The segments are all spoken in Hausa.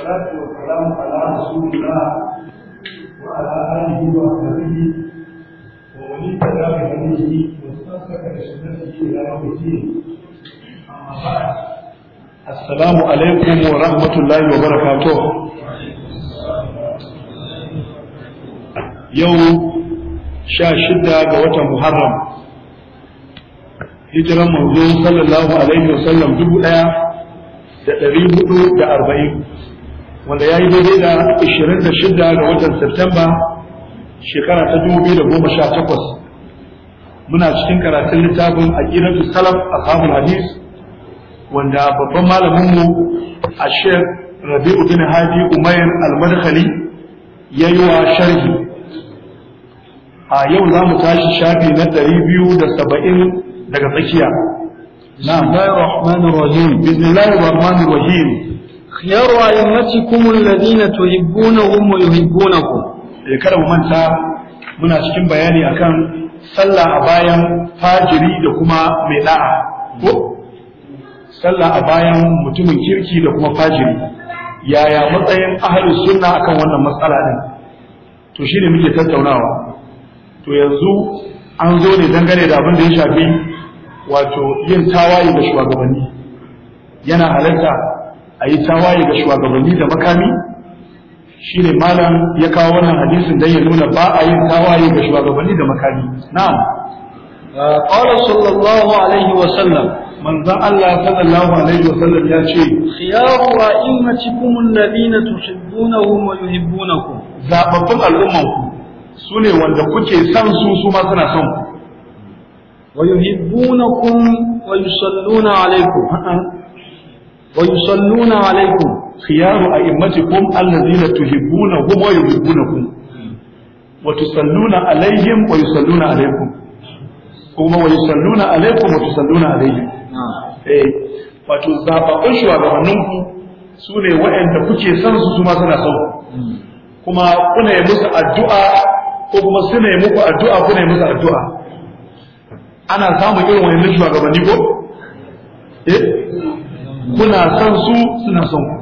والصلاة والسلام على رسول الله وعلى آله وصحبه ومن اهتدى بهديه واستمسك بسنته إلى يوم الدين أما بعد السلام عليكم ورحمة الله وبركاته يوم sha shida ga watan Muharram hijiran manzo sallallahu alaihi wasallam dubu ɗaya da ɗari hudu da arba'in wanda ya yi daidai da 26 ga watan Septemba shekara ta 2018 muna cikin karatun littafin a aqidatu salaf a ashabul hadis wanda babban malaminmu a Sheikh Rabi'u bin Hadi Umayyar al-Madkhali yayi wa sharhi a yau za mu tashi shafi na 270 daga tsakiya na Bismillahir Rahmanir Rahim khyaru a'immatikum alladhina tuhibbunahum wa yuhibbunakum eh kada mu manta muna cikin bayani akan sallah a bayan fajiri da kuma mai da'a ko sallah a bayan mutumin kirki da kuma fajiri yaya matsayin ahli sunna akan wannan matsala din to shine muke tattaunawa to yanzu an zo ne dangane da abin da ya shafi wato yin tawaye da shugabanni yana halarta a yi tawaye ga shugabanni da makami shine malam ya kawo wannan hadisin don ya nuna ba a yi tawaye ga shugabanni da makami na'am ah, qala sallallahu alaihi wa sallam manzon Allah sallallahu alaihi wa sallam ya ce khiyaru a'immatikum alladhina tuhibbunahum wa yuhibbunakum zababbun al'umman ku su ne wanda kuke son su su ma suna son ku wa yuhibbunakum wa yusalluna alaikum wa yusalluna alaikum khiyaru a'immatikum allazina tuhibbunahum wa yuhibbunakum wa tusalluna alaihim wa yusalluna alaikum kuma wa yusalluna alaikum wa tusalluna alaihim eh wato zababbun shugabanninku su ne waɗanda kuke son su kuma suna son kuma kuna yi musu addu'a ko kuma suna yi muku addu'a kuna yi musu addu'a ana samun irin wani shugabanni ko eh kuna son su suna son ku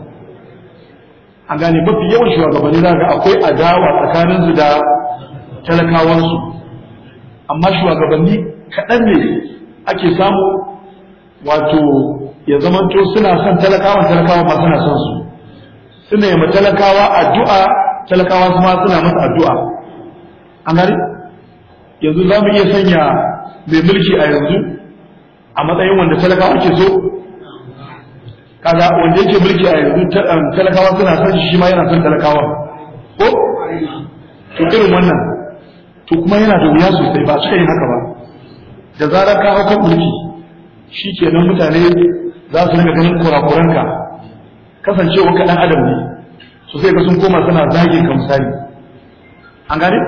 a gane mafi yawan shugabanni za ga akwai adawa su da talakawansu amma shugabanni kaɗan ne ake samu wato ya zamanto suna son talakawan talakawa ma suna son su suna yi talakawa addu'a talakawa su ma suna masa addu'a an gari yanzu za mu iya sanya mai mulki a yanzu a matsayin wanda talakawa ke so kaga wanda yake mulki a yanzu um, talakawa suna son shi ma yana son talakawa ko to irin wannan to kuma yana da wuya sosai ba cika yi haka ba da zarar ka hau kan mulki shi kenan mutane za su rika ganin kurakuranka kasancewa ka dan adam ne su sai ka sun koma suna zagin ka misali an gane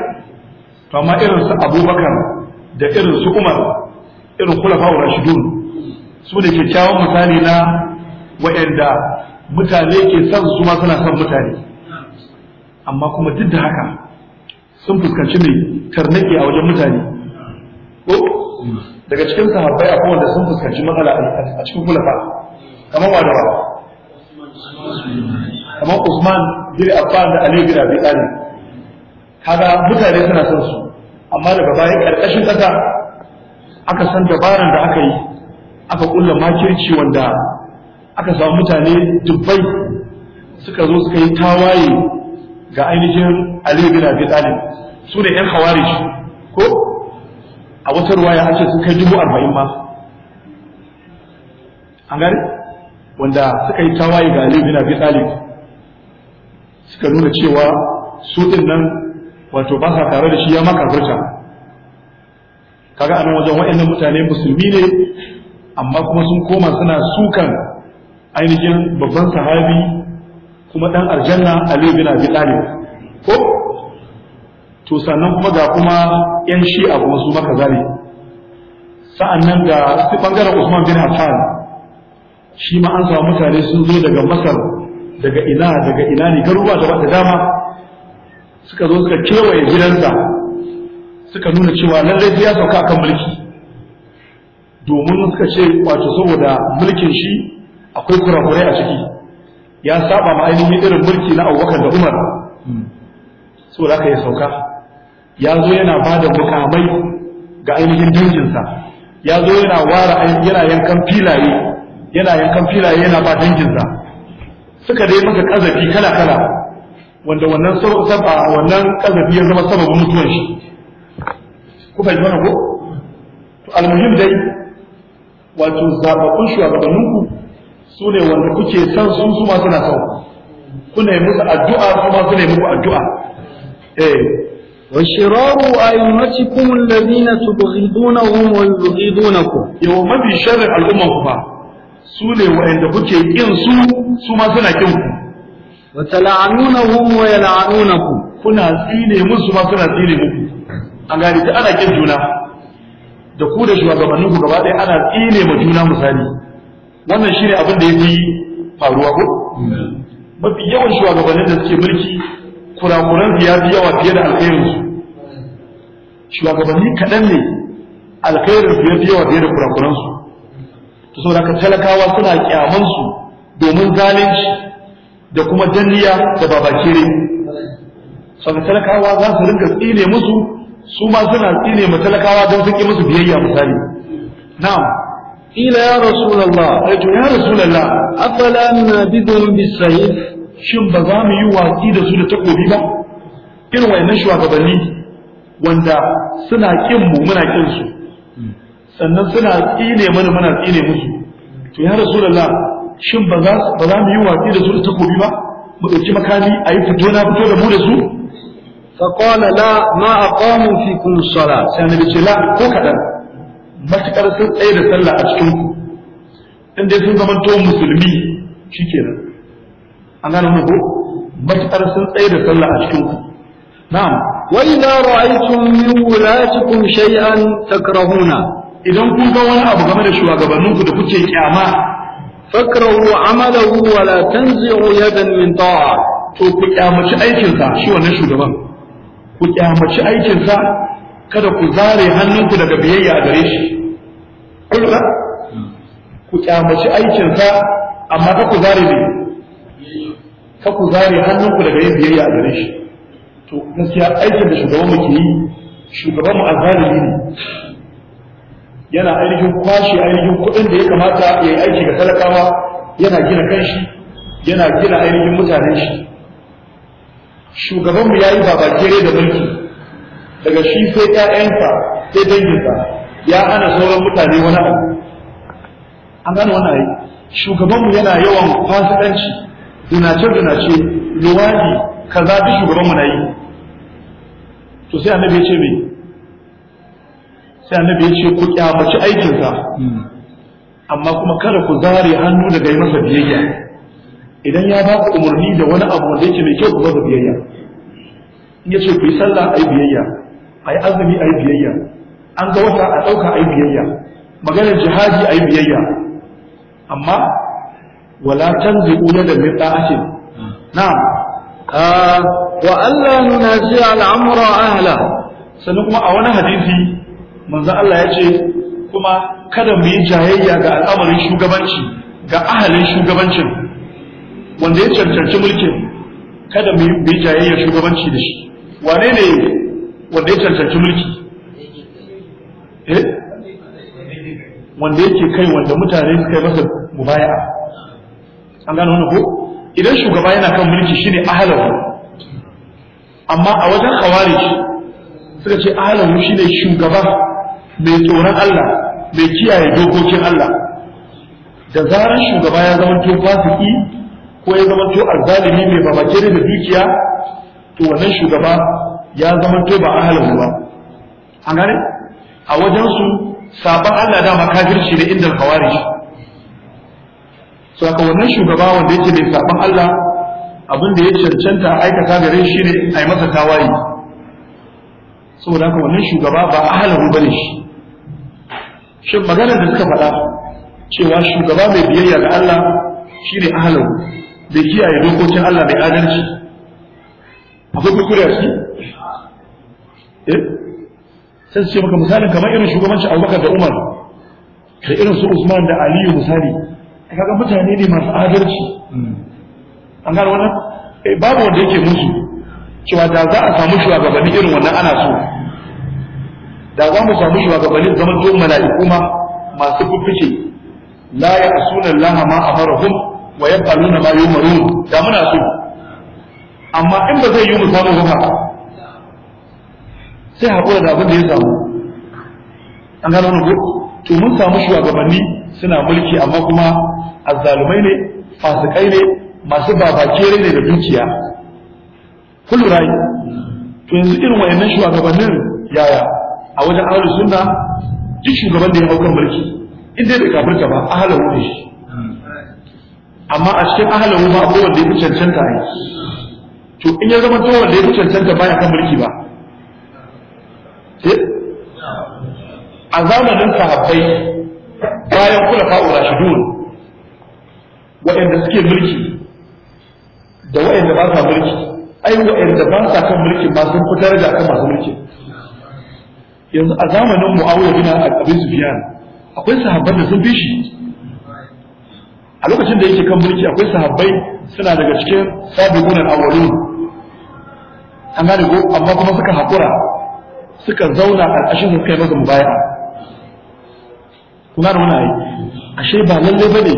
to amma irin su abubakar da irin su umar irin kulafa wa rashidun su da kyakkyawan misali na waɗanda mutane ke son su ma suna son mutane amma kuma duk da haka sun fuskanci mai tarnaki a wajen mutane ko daga cikin sahabbai akwai wanda sun fuskanci matsala a cikin ba kamar wa da ba kamar Usman bin Affan da Ali bin Abi Talib kaga mutane suna son su amma daga bayan karkashin kasa aka san dabaran da aka yi aka kulla makirci wanda aka samu mutane dubbai suka zo suka yi tawaye ga ainihin Ali bin Abi Talib su ne yan shi, ko a wata ruwaya an ce sun kai dubu arba'in ma an gari wanda suka yi tawaye ga Ali bin Abi Talib suka nuna cewa su din nan wato ba sa tare da shi ya maka makarfurta kaga anan wajen waɗannan mutane musulmi ne amma kuma sun koma suna sukan ainihin babban sahabi kuma dan aljanna Ali bin Abi Talib ko to sannan kuma ga kuma yan shi'a kuma su maka zane sa'annan ga su bangaren Usman bin Affan shi ma an samu mutane sun zo daga Masar daga ina daga ina ne garuruwa da dama suka zo suka kewaye gidansa suka nuna cewa lallai ya sauka kan mulki domin suka ce wato saboda mulkin shi akwai kurakurai a ciki ya saba ma ainihin irin mulki na abubakar da umar so da aka yi sauka ya zo yana ba da mukamai ga ainihin danginsa ya zo yana wara yana yankan filaye yana yankan filaye yana ba danginsa suka dai maka kazafi kala kala wanda wannan saba wannan kazafi ya zama sababin mutuwan shi ku fahimci wannan ko to almuhim dai wato zababbun shugabanninku su ne wanda kuke son sun su masu na son ku ne musu addu'a su masu ne muku addu'a eh wa shiraru ayyunatikum alladhina tubghidunahum wa yughidunakum yaw ku. bi mafi al al'ummanku ba, su ne wanda kuke yin su su ma suna kin ku wa tal'anunahum wa Ku kuna tsine musu ma na tsine muku a gari ta ana kin juna da ku da shugabanninku gaba ɗaya ana tsine ma juna misali wannan shi ne abin da ya fi faruwa ko mafi yawan shugabannin da suke mulki kurakuran ya fi yawa fiye da alkhairin su shugabanni kaɗan ne alkhairin su ya fi yawa fiye da kurakuran su to saboda ka talakawa suna kyaman su domin zalunci da kuma danniya da babakire saboda talakawa za su rinka tsine musu su ma suna tsine ma talakawa don su musu biyayya misali na'am قيل يا رسول الله قلت يا رسول الله أفلا ننابذهم بالسيف شن بزام يواتي da su da takobi ba irin wayannan shugabanni wanda suna kin muna kin su sannan suna tsine mana muna tsine musu to ya rasulullah shin ba ba za mu yi watsi da su da takobi ba mu dauki makami a yi fito na fito da mu da su fa qala a ma aqamu fikum salat sai annabi ce la ko kaɗan. matuƙar sun tsaye da sallah a cikin ku in dai sun zama to musulmi nan an gane mu ko sun tsaye da sallah a cikin ku na'am wa idza ra'aytum min wulatikum shay'an takrahuna idan kun ga wani abu game da shugabanninku da kuke kyama fakrahu amalahu wa la tanzi'u yadan min ta'a to ku kyamaci aikinsa shi wannan shugaban ku kyamaci aikinsa kada ku zare hannunku daga biyayya a gare shi kullura ku kyamaci aikinsa amma ka ku zare ne ka ku zare hannunku daga yin biyayya a gare shi to gaskiya aikin da shugaban mu ke yi shugaban mu alzalimi ne yana ainihin kwashe ainihin kuɗin da ya kamata ya yi aiki ga talakawa yana gina kanshi yana gina ainihin mutanen shi shugabanmu ya yi babakere da mulki daga shi sai ƴaƴansa sai danginsa ya hana sauran mutane wani abu an gane wannan ai shugabanmu yana yawan fasikanci dunace-dunace. luwadi kaza duk shugabanmu na yi to sai annabi ya ce me sai annabi ya ce ku kyamaci aikinsa amma kuma kada ku zare hannu daga yi masa biyayya idan ya ba ku umarni da wani abu wanda yake mai kyau ku ba biyayya in ya ce ku yi sallah ai biyayya a yi azumi a biyayya an ga wata a ɗauka a biyayya maganar jihadi a biyayya amma wala tanzi ƙuna da mai ɗa'ace na'am ah, wa Allah nuna ji al'amura ahla sannan kuma a wani hadisi manzo Allah ya ce kuma kada mu yi jayayya ga al'amarin shugabanci ga ahalin shugabancin wanda ya cancanci mulkin kada mu yi jayayya shugabanci da shi wane ne wanda ya cancanci mulki eh? wanda yake kai wanda mutane suka yi masa mubaya'a an gano wani ko idan shugaba yana kan mulki shi ne ahalawa amma a wajen khawarij suka ce shi ne shugaba mai tsoron Allah mai kiyaye dokokin Allah da zaran shugaba ya zama to fasiki ko ya zama to alzalimi mai babakere da dukiya to wannan shugaba ya zama to ba halin ba an gane a wajen su sabon Allah da makafirci da inda khawarij so aka wannan shugaba wanda yake mai sabon Allah abin da ya cancanta aikata rai shi ne a yi masa tawaye saboda haka wannan shugaba ba a ba ne shi shin maganar da suka faɗa cewa shugaba mai biyayya ga Allah shi ne a halin da kiyaye dokokin Allah mai adalci akwai kuskure a ciki eh sai su ce maka misalin kamar irin shugabanci abubakar da umar da irin su usman da aliyu misali kaga mutane ne masu adalci an gano wannan eh babu wanda yake musu cewa da za a samu shugabanni irin wannan ana so da za mu samu shugabanni zaman to mala'iku ma masu fuffuke la ya'suna Allah ma amarahum wa yaf'aluna ma yumarun da muna so amma in ba zai yi mu samu ba sai haƙura da abin da ya samu an gano wani to mun samu shugabanni suna mulki amma kuma azzalumai ne fasikai ne masu babakere ne da dukiya kullu rai to yanzu irin wayannan shugabannin yaya a wajen ahlus sunna duk shugaban da ya haukan mulki in dai bai kafirta ba ahlahu ne shi amma a cikin ahlahu ba abubuwan wanda ya fi cancanta ne to in ya zama to wanda ya fi cancanta baya kan mulki ba eh? a zamanin sahabbai bayan kula fa'u rashidun waɗanda suke mulki da waɗanda ba sa mulki ai waɗanda ba sa kan mulki ba sun fi daraja kan masu mulki yanzu a zamanin mu'awiyah bin abin sufyan akwai sahabban da sun fi shi a lokacin da yake kan mulki akwai sahabbai suna daga cikin sabiqun al-awwalun an gane ko amma kuma suka haƙura suka zauna ƙarƙashin suka yi masa baya. kuna da wani ayi ashe ba lalle ba ne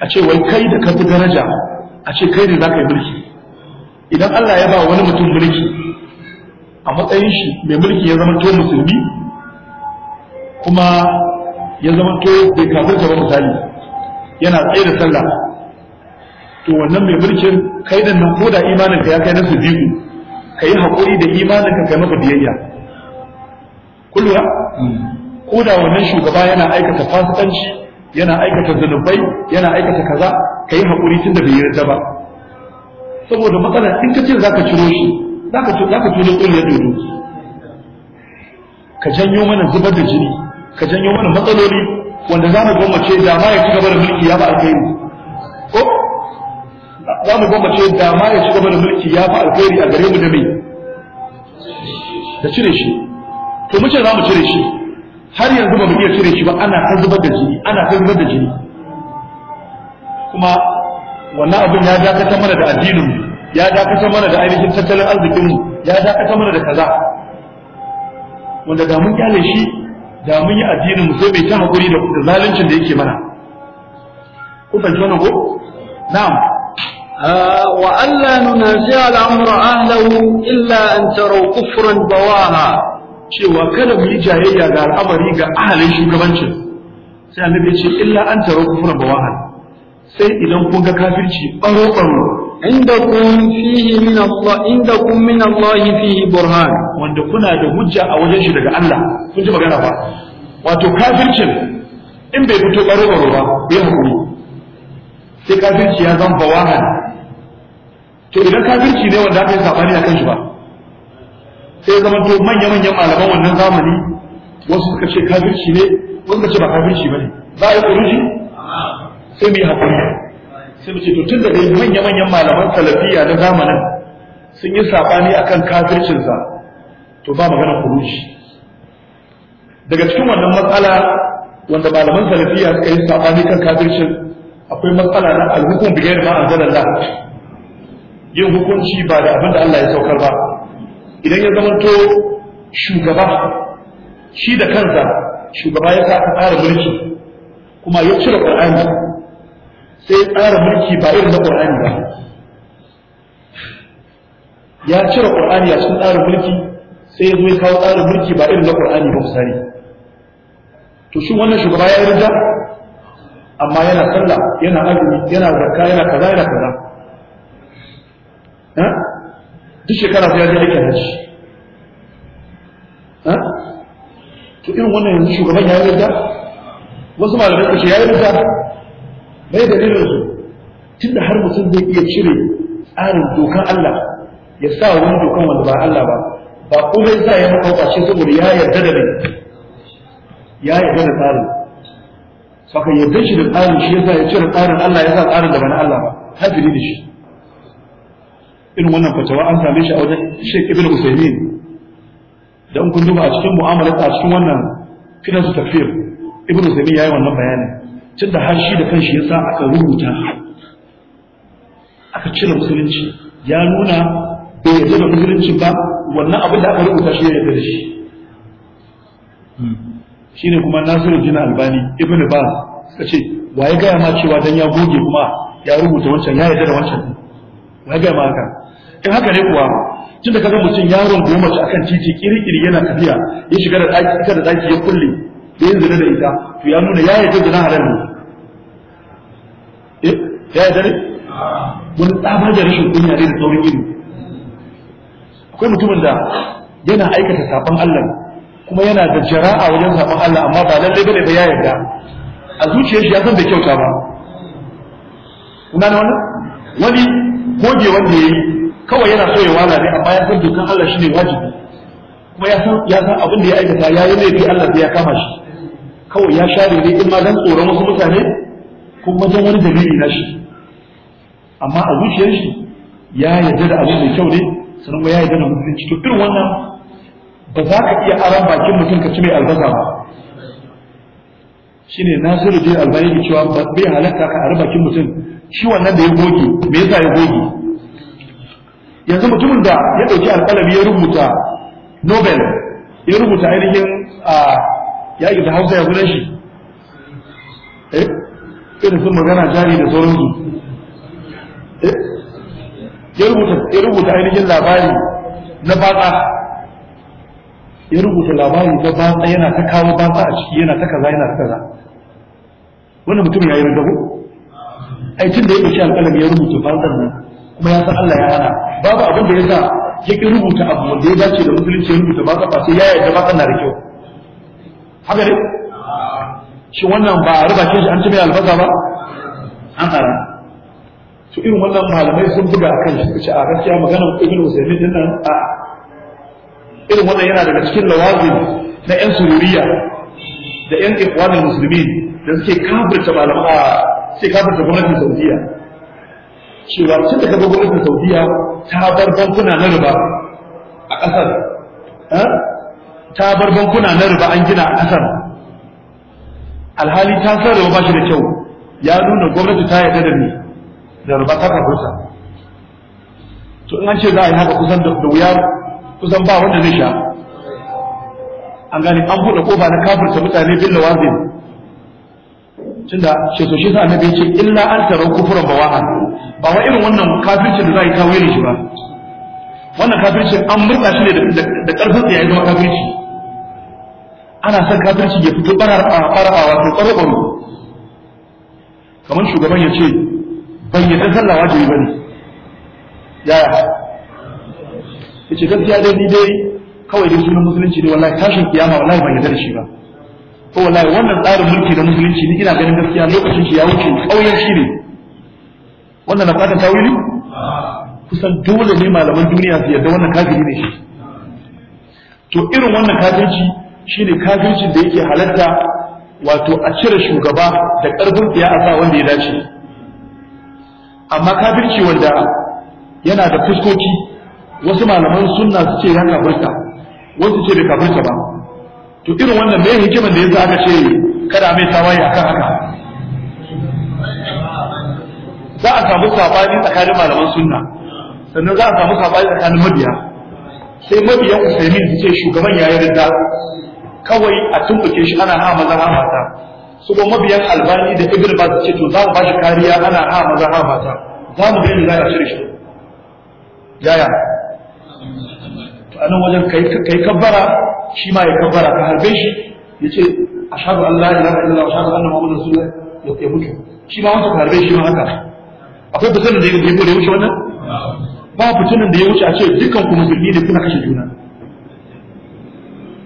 a ce wai kai da ka daraja a ce kai ne za ka yi mulki idan Allah ya ba wani mutum mulki a matsayin shi mai mulki ya zama to musulmi kuma ya zama to bai kafirta ba misali yana tsaye da sallah to wannan mai mulkin kai da nan ko da imanin ka ya kai na su biyu ka yi haƙuri da imaninka ka maka biyayya kulwa ko da wannan shugaba yana aikata fasikanci yana aikata zunubai yana aikata kaza ka yi haƙuri tun da bai yarda ba saboda matsala in ka ce za ka ciro shi za ka ciro ƙulliyar dodo ka janyo mana zubar da jini ka janyo mana matsaloli wanda za mu gwammace da ma ya ci gaba da mulki ya ba alkhairi ko za mu gwammace da ma ya ci gaba da mulki ya fi alheri a gare mu da mai da cire shi to mu ce za mu cire shi har yanzu ba mu iya cire shi ba ana ta zubar da jini ana ta zubar da jini kuma wannan abin ya dakatar mana da addinin ya dakatar mana da ainihin tattalin arzikin mu ya dakatar mana da kaza wanda da mun kyale shi da mun yi addinin mu sai bai ta hakuri da zaluncin da yake mana ku fahimci wannan ko na'am وألا ننازع الأمر أهله إلا أن تروا كفرا بواها cewa kada mu yi jayayya ga al'amari ga ahalin shugabancin sai annabi ce illa an taro kufra bawaha sai idan kun ga kafirci baro baro indakum fihi min Allah indakum burhan wanda kuna da hujja a wajen shi daga Allah kun ji magana ba wato kafircin in bai fito baro baro ba bai hakuri sai kafirci ya zama bawahan to idan kafirci ne wanda aka yi sabani a kan shi ba sai zaman to manya manyan malaman wannan zamani wasu suka ce kafirci ne wasu suka ce ba kafirci bane za a yi kuruji sai mu yi hakuri sai mu ce to tun da dai manya manyan malaman salafiya na zamanin sun yi sabani akan kafircinsa to ba magana kuruji daga cikin wannan matsala wanda malaman salafiya suka yi sabani kan kafircin akwai matsala na alhukum bighayr ma anzalallah yin hukunci ba da abin da Allah ya saukar ba idan ya zamanto shugaba shi da kansa shugaba ya sa tsara mulki kuma ya cire Qur'ani sai ya tsara mulki ba irin na Qur'ani ba ya cire Qur'ani ya cikin tsara mulki sai ya zo ya kawo tsara mulki ba irin na Qur'ani ba misali to shin wannan shugaba ya yarda amma yana sallah yana azumi yana zakka yana kaza yana kaza duk shekara sai ya je aikin hajji to irin wannan yanzu shugaban ya yarda wasu malamai shi ya yarda bai da irin su tunda har mutum zai iya cire tsarin dokan Allah ya sa wani dokan wanda ba Allah ba ba komai sa ya makaukace saboda ya yarda da rai ya yarda da tsarin saka yarda shi da tsarin shi yasa ya cire tsarin Allah ya sa tsarin da ba na Allah ba hajji da shi irin wannan fatawa an same shi a wajen Sheikh Ibn Uthaymeen dan kun duba a cikin mu'amala a cikin wannan fitan su tafsir Ibn Uthaymeen yayi wannan bayanin tunda har shi da kanshi yasa aka rubuta aka cire musulunci ya nuna bai yarda da musulunci ba wannan abin da aka rubuta shi ya yarda da shi shine kuma Nasiru Jina Albani Ibn Baz suka ce waye gaya ma cewa dan ya goge kuma ya rubuta wancan ya yarda da wancan waye gaya ma haka in haka ne kuwa da kaga mutum yaron goma ci akan titi kirkiri yana tafiya ya shiga da daki ita da daki ya kulle da yin zina da ita to ya nuna ya yarda zina halal ne eh ya yarda ne wani tsabar da rashin kunya ne da saurin iri? akwai mutumin da yana aikata sabon Allah kuma yana da jara'a wajen sabon Allah amma ba lalle bane ba ya yarda a zuciyar shi ya san bai kyauta ba kuna na wani wani goge wanda ya yi. kawai yana so ya wala ne amma ya san dokan Allah shine wajibi kuma ya san ya san abin da ya aikata ya yi laifi Allah sai ya kama shi kawai ya share ne in ma dan tsoron wasu mutane kuma dan wani dalili na shi amma a zuciyar shi ya yarda da abin mai kyau ne sannan kuma ya yarda da musulunci to irin wannan ba za ka iya aran bakin mutum ka ci mai albasa ba shine Nasiru Jin Albani cewa bai halatta ka aran bakin mutum ciwon nan da ya goge me yasa ya goge yanzu mutumin da ya ɗauki alƙalami ya rubuta nobel ya rubuta ainihin ya yi da hausa ya gudan shi eh irin sun magana jari da sauransu su eh, ya rubuta ainihin labari na batsa ya rubuta labari na batsa yana ta kawo batsa a ciki yana ta kaza yana ta kaza wannan mutum ya yi rubutu ai tun da ya ɗauki alƙalami ya rubuta batsa nan kuma ya san Allah ya hana babu abin da ya sa ya ki rubuta abu wanda ya dace da musulunci ya rubuta ba ka sai ya yarda ba kana da kyau haka ne shi wannan ba a rubace shi an ci mai albasa ba an ara to irin wannan malamai sun buga a kan shi suka ce a gaskiya maganar ibn usaimin din nan a irin wannan yana daga cikin lawazin na yan sururiya da yan ikwanin musulmi da suke kafirta a sai kafirta gwamnatin saudiya cewa tun daga gwamnatin saudiya ta bar bankuna na riba a ƙasar ta bar bankuna na riba an gina a ƙasar alhali ta san riba ba shi da kyau ya nuna gwamnati ta yarda da ni da riba ta kafusa to in an ce za a yi haka kusan da wuya kusan ba wanda zai sha an gani an buɗe ƙofa na kafirta mutane bin lawazin tunda shi so shi sa annabi ce illa an tarau kufuran bawahan ba wa irin wannan kafircin da za a yi tawilin shi ba wannan kafircin an murɗa shi ne da ƙarfin da ya zama kafirci ana son kafirci ya fito ɓara'a wato tsaro ɓaro kamar shugaban ya ce bayyana sallah wajibi ba ne yaya ya ce gaskiya dai ni dai kawai dai sunan musulunci ne wallahi tashin kiyama wallahi ban yarda da shi ba ko wallahi wannan tsarin mulki da musulunci ni ina ganin gaskiya lokacin shi ya wuce ƙauyen shi ne wannan na bukatar tawili kusan dole ne malaman duniya su yarda wannan kafiri ne shi to irin wannan kafirci shine kafircin da yake halatta wato a cire shugaba da karfin ya a sa wanda ya dace amma kafirci wanda yana da fuskoki wasu malaman sunna su ce ya kafirta wasu ce bai kafirta ba to irin wannan me hikiman da yasa aka ce kada mai tawaye akan haka za a samu sabani tsakanin malaman sunna sannan za a samu sabani tsakanin mabiya sai mabiyan usaimin su ce shugaban yayi ridda kawai a tumbuke shi ana ha maza ha mata su kuma mabiyan albani da ibn baz ce to za mu bashi kariya ana ha maza ha mata za mu gani za a cire shi yaya to anan wajen kai kai kabbara shi ma ya kabbara ka harbe shi ya yace ashhadu an la ilaha illallah wa ashhadu anna muhammadar rasulullah ya mutu shi ma wanda ka harbe shi ma haka akwai fitinin da ya wuce wannan ba fitinin da ya wuce a ce dukkan ku musulmi ne kuna kashe juna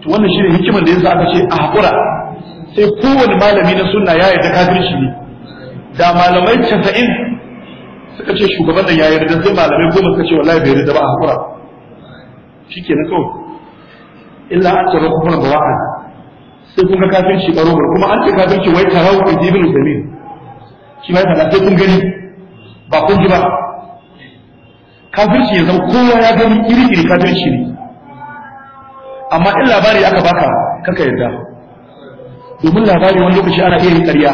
to wannan shine hikimar da yasa aka ce a hakura sai kowane malami na sunna ya yarda kafirci ne da malamai 90 suka ce shugaban da ya yarda sai malamai goma suka ce wallahi bai yarda ba a hakura na kawai illa an tsaro kuma da wa'ad sai kun ga kafirci baro kuma an ce kafirci wai tarau jibin zamin shi ma ya fada sai kun gani ba kun ji ba kafirci ya zama kowa ya gani iri iri kafirci ne amma in labari aka baka kaka yadda. domin labari wani lokaci ana iya yin ƙarya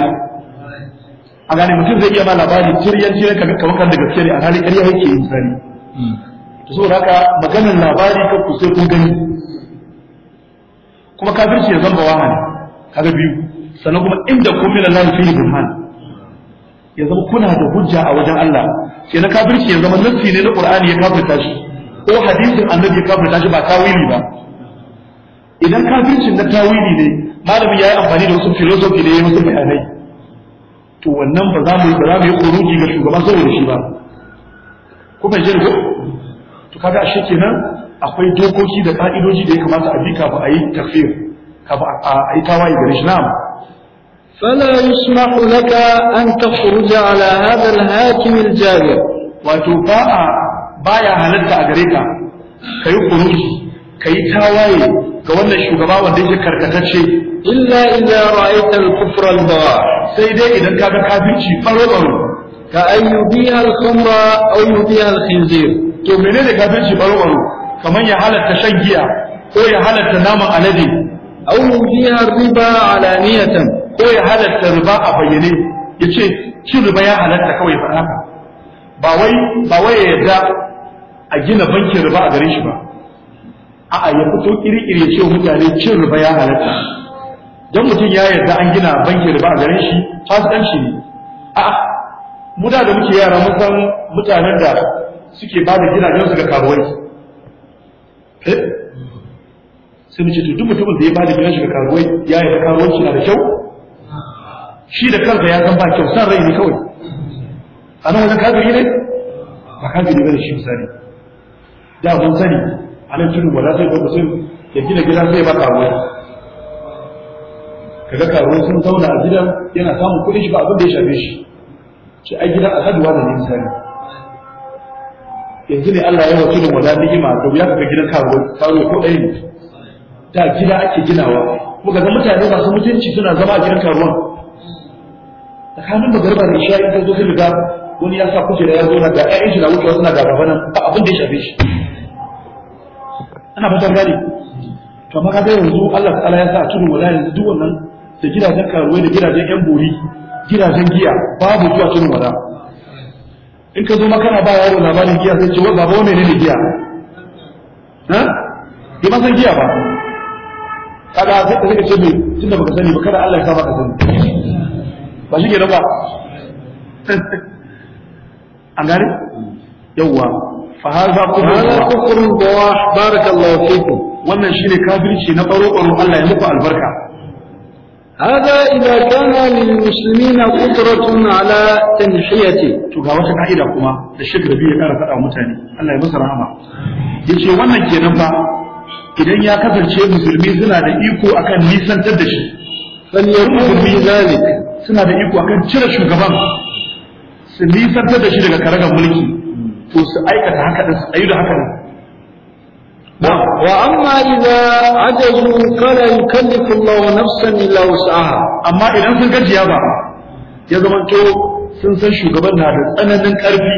a gane mutum zai iya ma labari tiryan tiryan kamar kamar da gaske ne a halin ƙarya yake yin tsari to saboda haka maganar labari kan ku sai kun gani kuma kafirci ya zama wahala kaga biyu sannan kuma inda kun mila Allah ne burhan ya zama kuna da hujja a wajen Allah ke na kafirci ya zama nassi ne na Qur'ani ya kafirta shi ko hadisin annabi ya kafirta shi ba tawili ba idan kafircin na tawili ne malamin ya yi amfani da wasu filosofi ne ya wasu bayanai to wannan ba za mu yi ba za kuruji ga shugaba saboda shi ba kuma jin ko to kaga ashe kenan akwai dokoki da ka'idoji da ya kamata a bi kafin a yi takfir kafin a yi tawaye da shi فلا يسمح لك أن تخرج على هذا الهاتم الجابر وتوفاء بايا هلتا أغريكا كي قنوط كي تاواي كوانا الشغباء وانديك كركتاتشي إلا إذا رأيت الكفر البغاء سيدي إذا كان كابيتشي فرغم كأن يبيع الخمر أو يبيع الخنزير تو منين كابيتشي فرغم كمان يحالة تشجيع أو يحالة نام ألدي أو يبيع الربا علانية ko ya halatta riba a bayyane ya ce cin riba ya halatta kawai faɗa ka ba wai ba wai ya yarda a gina bankin riba a gare shi ba a'a ya fito iri-iri ya ce mutane cin riba ya halatta dan mutum ya yarda an gina bankin riba a gare shi fasikanci ne a'a mu da muke yara mun san mutanen da suke ba da gidajen su ga karuwai eh? sai mu ce duk mutumin da ya ba da shiga shi ga karuwai ya yarda karuwanci na da kyau shi da kanka ya san ba kyau san rai ne kawai a nan wajen kafiri ne ba kafiri ne da shi sani. da mun sani a nan tudu wala sai ba sai ya gina gida sai ba karuwa kaga karuwa sun zauna a gidan yana samun kuɗin shi ba abin da ya shafe shi shi a gidan asaduwa da ne sani yanzu ne Allah ya wasu da wala ni'ima to ya kaga gidan karuwa karuwa ko ɗaya ne da gida ake ginawa muka ga mutane masu mutunci suna zama a gidan karuwan tsakanin garba da isha ita zo sai riga wani ya sa kujera ya zo na ga ƴaƴan shi na wasu suna ga gaba nan ba abin da ya shafe shi ana fatan gane to amma kaga yanzu Allah ta'ala ya sa a tudun wala yanzu duk wannan da gidajen karuwai da gidajen yan bori gidajen giya babu zuwa tunu wala in ka zo makana ba yaro labarin giya sai ce wa baba wani ne giya ha bai ma san giya ba kaga sai ka ce mai tunda baka sani ba kada Allah ya sa baka sani ba shi kenan ba A gane yawwa fa hadha kufrun bawah barakallahu fikum wannan shine kafirci na baro baro Allah ya muku albarka هذا إذا كان للمسلمين قدرة على تنحيته to ga wata ka'ida kuma da shi da biyu ya kara faɗa mutane Allah ya masa rahama yace wannan kenan ba idan ya kasance musulmi suna da iko akan nisantar da shi fal yaqumu bi zalik suna da iko akan cire shugaban su nisantar da shi daga karagar mulki to su aikata haka din su tsayu da haka din وأما إذا عجزوا فلا يكلف nafsan illa إلا Amma idan sun gajiya ba ya zama to sun san shugaban na da tsananin karfi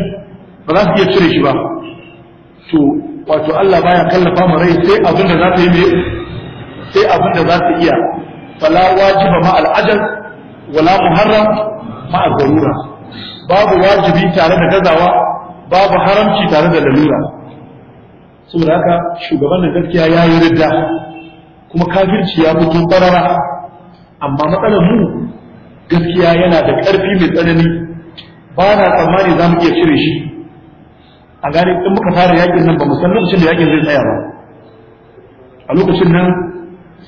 ba za su iya cire shi ba to wato Allah baya kallafa mu rai sai abinda da za ta yi sai abin za ta iya fala wajiba ma al'ajal wala muharram ma'a zarura babu wajibi tare da gazawa babu haramci tare da lalura saboda haka shugaban da gaskiya ya yi ridda kuma kafirci ya fito barara amma matsalar mu gaskiya yana da ƙarfi mai tsanani ba na tsammani za mu iya cire shi a gane in muka fara yaƙin nan ba mu san lokacin da yakin zai tsaya ba a lokacin nan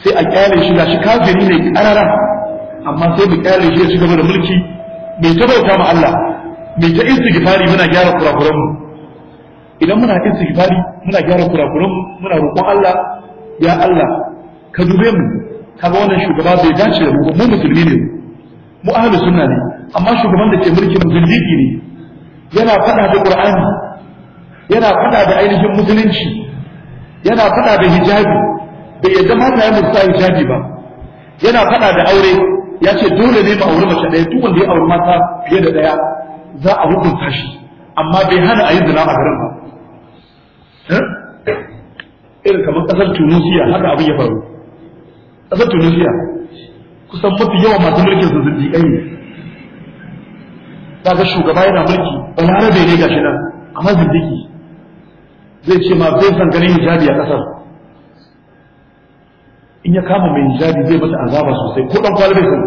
sai a ƙyale shi shi kafiri ne ƙarara. amma sai mu kare shi ya ci gaba da mulki mai ta bauta ma Allah mai ta istighfari muna gyara kurakuran mu idan muna istighfari muna gyara kurakuran mu muna roƙon Allah ya Allah ka dube mu ga wannan shugaba bai dace da mu mu musulmi ne mu ahlus sunna ne amma shugaban da ke mulki mu zindiki ne yana faɗa da Qur'ani yana faɗa da ainihin musulunci yana faɗa da hijabi bai yadda mata ya musa hijabi ba yana faɗa da aure ya ce dole ne ba auri mace ɗaya duk wanda ya auri mata fiye da ɗaya za a hukunta shi amma bai hana a yi zina a garin ba eh? irin kamar ƙasar tunisiya haka abin ya faru ƙasar tunisiya kusan mafi yawan masu mulkin su zindiƙai ne ta ga shugaba yana mulki balarabe ne ga shi nan amma zindiki zai ce ma zai san ganin hijabi a ƙasar in ya kama mai hijabi zai mata azaba sosai ko dan kwalbe sun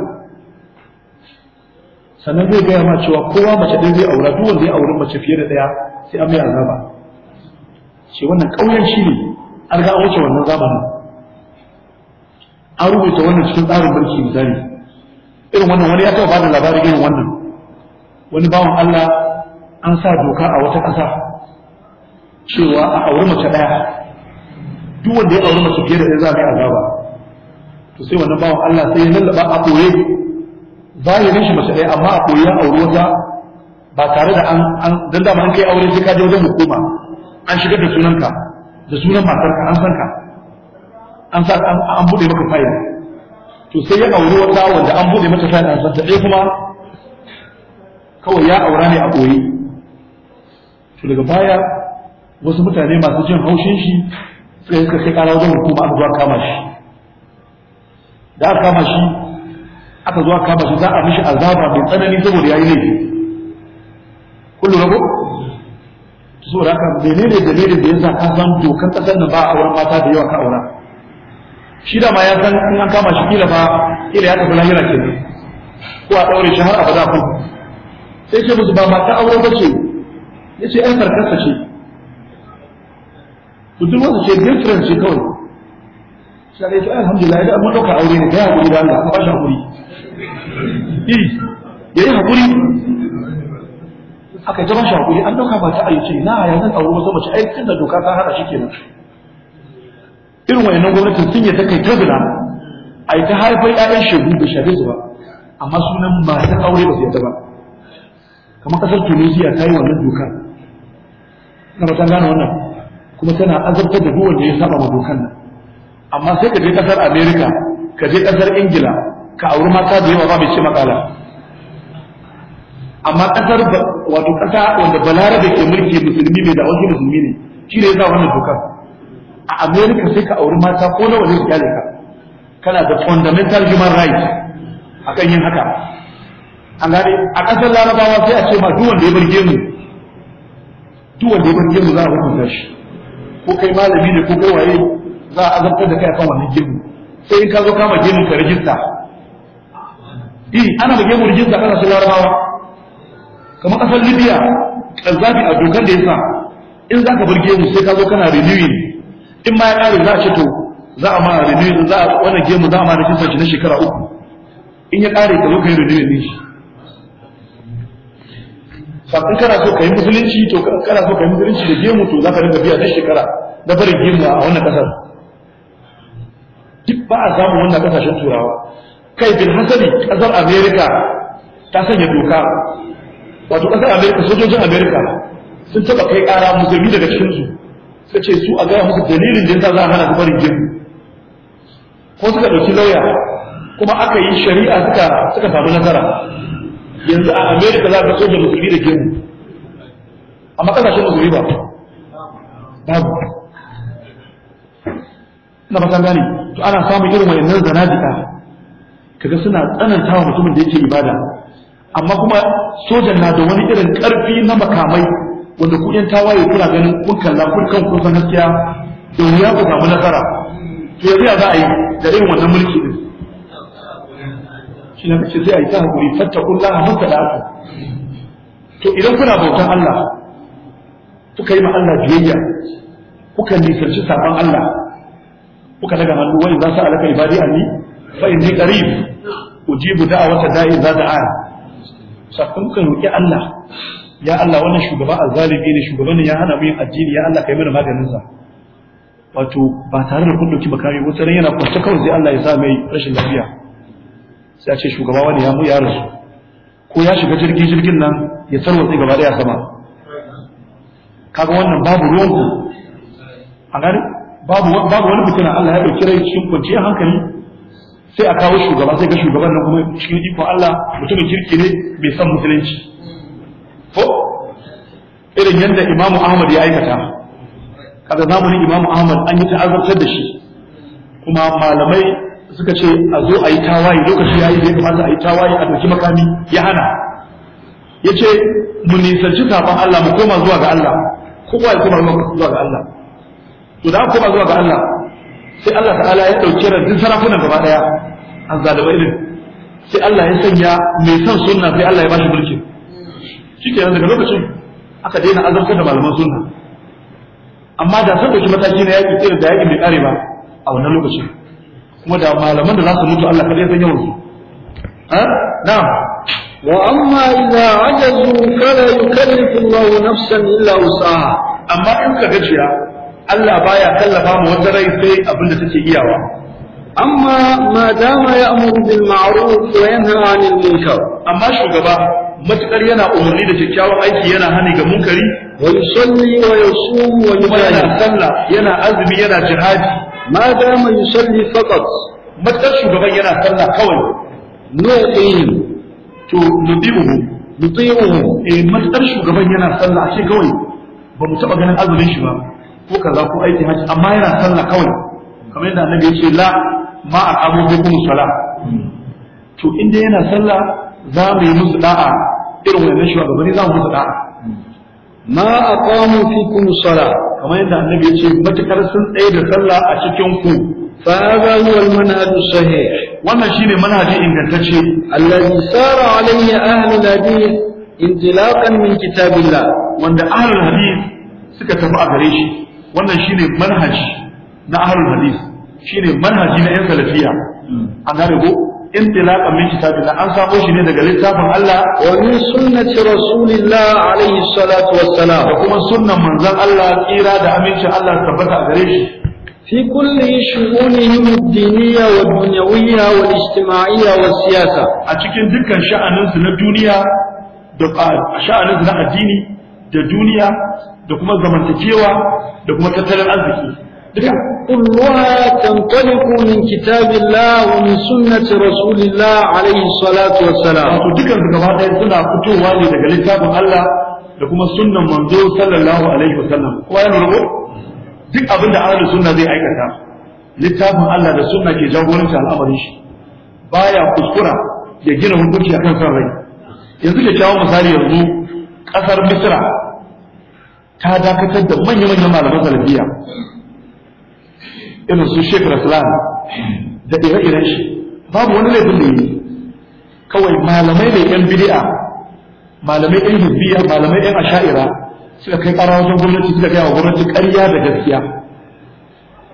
sannan zai gaya ma cewa kowa mace ɗaya zai aura duk wanda ya auri mace fiye da ɗaya sai an mai azaba ce wannan ƙauyen shi ne an ga wuce wannan zamanin an rubuta wannan cikin tsarin mulki misali irin wannan wani ya taɓa bada labarin irin wannan wani bawan Allah an sa doka a wata ƙasa cewa a auri mace ɗaya duk wanda ya auri mace fiye da ɗaya za a mai azaba to sai wannan bawan Allah sai ya lallaba a koye zahirin shi mace ɗaya amma a koye ya aure wata ba tare da an an dan an kai aure sai ka je wajen hukuma an shigar da sunanka da sunan matarka an san ka an sa an bude maka fayil to sai ya aure wata wanda an bude mata fayil an san ta kuma kawai ya aura ne a koye to daga baya wasu mutane masu jin haushin shi sai suka kai kara wajen hukuma an zuwa kama shi da aka kama shi aka zo aka kama shi za a mishi azaba mai tsanani saboda yayi laifi kullu rabo saboda haka menene dalilin da yasa ka san dokan kasar nan ba a auren mata da yawa ka aura shi da ma ya san in an kama shi kila ba kila ya tafi lahira ke ko a daure shi har bada kun sai ce musu ba ta aure ya ce yace ai karkarsa ce to duk ce difference ce kawai shi ne to alhamdulillah da mun dauka aure ne da hakuri da Allah ba shi hakuri ya yi hakuri aka yi ba shi hakuri an dauka ba ta ayyuce na ya zan aure wata mace ai tunda doka ta hana shi kenan irin wayannan gwamnatin sun yi ta kai a yi ta haifar ɗayan shegu da shabe su ba amma sunan ta aure ba su yadda ba kamar kasar tunisia ta yi wannan doka na ba ta gane wannan kuma tana azabtar da duk wanda ya saba ma dokan nan amma sai ka je kasar america ka je kasar ingila ka auri mata da yawa ba mai ce makala amma kasar wato kasa wanda balarabe ke mulki musulmi mai da wani musulmi ne shi ne yasa wannan dokar a america sai ka auri mata ko nawa wani iyali ka kana da fundamental human right akan yin haka an gane a kasar larabawa sai a ce ma duk wanda ya bar gemu duk wanda ya bar gemu za a hukunta shi ko kai malami ne ko kai waye za a azabtar da kai akan wannan gemu sai in ka zo kama gemun ka rijista eh ana da gemun rijista kana su larabawa kamar kasar libya kazzabi a dokar da yasa in za ka bar gemu sai ka zo kana renewing in ma ya kare za a ce to za a ma renewing za a wannan gemu za a mana rijista shi na shekara uku in ya kare ka zo ka yi renewing din shi in kana so ka yi musulunci to kana so ka yi musulunci da gemu to za ka dinga biya na shekara na barin gemu a wannan kasar duk ba a samu wannan kasashen turawa kai bin hasali kasar america ta sanya doka wato kasar america sojojin america sun taba kai kara musulmi daga cikin su suka ce su a gaya musu dalilin da sa za a hana su barin gemu ko suka dauki lauya kuma aka yi shari'a suka suka samu nasara yanzu a america za ka sojojin musulmi da gemu amma kasashen musulmi ba babu ba san gane to ana samun irin wayannan zanadika kaga suna tsananta wa mutumin da yake ibada amma kuma sojan na da wani irin karfi na makamai wanda ku yan tawaye kuna ganin kun kalla kun kan kun san gaskiya da wuya ku samu nasara to yanzu ya za a yi da irin wannan mulki din shi na kace sai a yi ta hakuri fattakullaha haka da ku to idan kuna bautan Allah kuka yi ma Allah biyayya kuka nisanci saban Allah kuka daga hannu wani za su alaka ibadi a anni fa inni qarib ujibu wata da'i za da'a sakun kan roki Allah ya Allah wannan shugaba azzalimi ne shugaban ya hana mu yin addini ya Allah kai mana maganin sa wato ba tare da kun dauki makami wata ran yana kwance kawai sai Allah ya sa mai rashin lafiya sai a ce shugaba wani ya mu ya rasu ko ya shiga jirgin jirgin nan ya tarwatsa gaba daya sama kaga wannan babu ruwanku a gani babu babu wani a Allah ya dauki rai cikin kwance hankali sai a kawo shugaba sai ga shugaban nan kuma cikin ikon Allah mutumin kirki ne bai san musulunci ko irin yadda Imam Ahmad ya aikata kaga zamanin Imam Ahmad an yi ta'azartar da shi kuma malamai suka ce a zo a yi tawaye lokaci ya yi da ya kamata a yi tawaye a dauki makami ya hana ya ce mu nisanci saban Allah mu koma zuwa ga Allah kowa ya koma zuwa ga Allah to da ba zuwa ga Allah sai Allah ta'ala ya dauke ran duk sarafunan gaba daya azzalimai din sai Allah ya sanya mai son sunna sai Allah ya bashi mulki yanzu daga lokacin aka daina azabtar da malaman sunna amma da sun ɗauki mataki na yaki irin da yaki mai kare ba a wannan lokacin kuma da malaman da za su mutu Allah kadai ya sanya wasu su ha na'am وأما إذا عجزوا فلا يكلف الله نفسا إلا وسعها أما إن كجيا Allah baya kallafa mu wata rai sai abin da take iyawa amma ma dama ya amuru bil ma'ruf wa yanha 'anil munkar amma shugaba matukar yana umarni da kyakkyawan aiki yana hani ga munkari wa yusalli wa yusum wa yana sallah yana azumi yana jihadi ma dama yusalli faqat matukar shugaban yana sallah kawai nu'in to nudibuhu nuti'uhu eh matukar shugaban yana sallah shi kawai ba mu taba ganin azumin shi ba ko kaza ko aikin hajji amma yana sallah kawai kamar yadda annabi ya ce la ma a kuma sala to inda yana sallah za mu yi musu da'a irin wannan shugabanni za mu musu da'a ma aqamu kuma sala kamar yadda annabi ya ce matukar sun tsaye da sallah a cikin ku fa hadha huwa al-manhaj sahih wannan shine manhaji ingantacce allazi sara alayhi ahli hadith intilaqan min kitabillah wanda ahlul hadith suka tafi a gare shi wannan shine manhaji na ahlul hadis shine manhaji na yan salafiya an gane ko intilaqa min kitabillah an samo shi ne daga littafin Allah wa min sunnati rasulillah alaihi salatu wassalam da kuma sunnan manzon Allah tsira da amincin Allah tabbata a gare shi Fi kulli wa wa في كل شؤونهم الدينية والدنيوية والاجتماعية والسياسة أتكن ذكا شأن الدنيا na addini da duniya da kuma zamantakewa da kuma tattalin arziki duka kulluha tantaliqu min kitabillah wa min sunnati rasulillah alayhi salatu wassalam to dukan su gaba ɗaya suna fitowa ne daga littafin Allah da kuma sunnan manzo sallallahu alaihi wasallam kowa ya rubo duk abinda ahlus sunna zai aikata littafin Allah da sunna ke jagoranci al'amarin shi baya kuskura ya gina hukunci akan san rai yanzu da kyawun misali yanzu kasar misra ta dakatar da manya-manyan malaman salafiya irin su Sheikh Raslan da ire-iren shi babu wani laifin da yi kawai malamai ne yan bid'a malamai yan hizbiya malamai yan asha'ira suka kai ƙara wajen gwamnati suka kai wa gwamnati ƙarya da gaskiya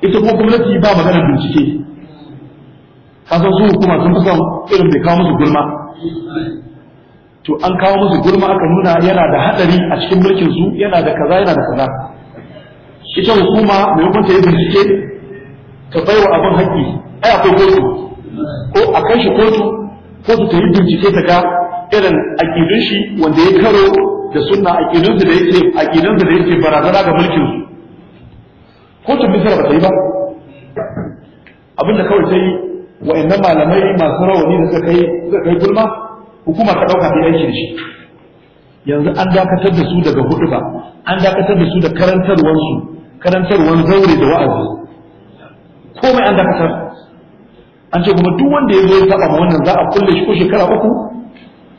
ita ko gwamnati ba maganar bincike kasan su hukuma sun fi son irin bai kawo musu gulma to an kawo musu gulma aka nuna yana da hadari a cikin mulkin su yana da kaza yana da kaza ita hukuma mai hukunta yi bincike ta bai wa abin haƙƙi ai akwai kotu ko a kai shi kotu kotu ta yi bincike ta ga irin aƙidun shi wanda ya karo da sunna aƙidun da yake aƙidun da yake barazana ga mulkin su kotun misra ba ta yi ba abinda kawai ta yi wa'annan malamai masu rawani da suka kai suka kai gulma hukuma ta ɗauka ta aiki da shi yanzu an dakatar da su daga hudu ba an dakatar da su da karantarwarsu karantarwar zaure da wa'azi komai an dakatar an ce kuma duk wanda ya zo ya taɓa ma wannan za a kulle shi ko shekara uku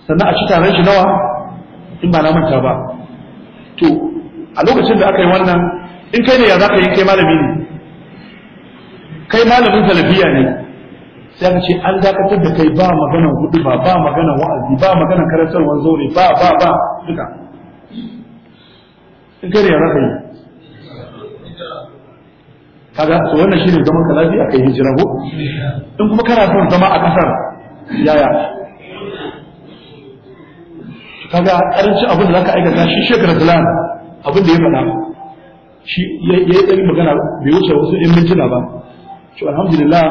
sannan a ci taron shi nawa in ba na manta ba to a lokacin da aka yi wannan in kai ne ya za ka yi kai malami ne kai malamin talafiya ne sai ka ce an dakatar da kai ba maganan hudu ba ba maganan wa'azi ba maganan karantarwar zaure ba ba ba duka in kare ya kai yi kaga so wannan shine zaman ka lafiya kai hijira ko in kuma kana son zama a kasar yaya kaga karanci abin da zaka aikata shi shekara zalan abin da ya faɗa shi ya yi magana bai wuce wasu 'yan mintuna ba shi alhamdulillah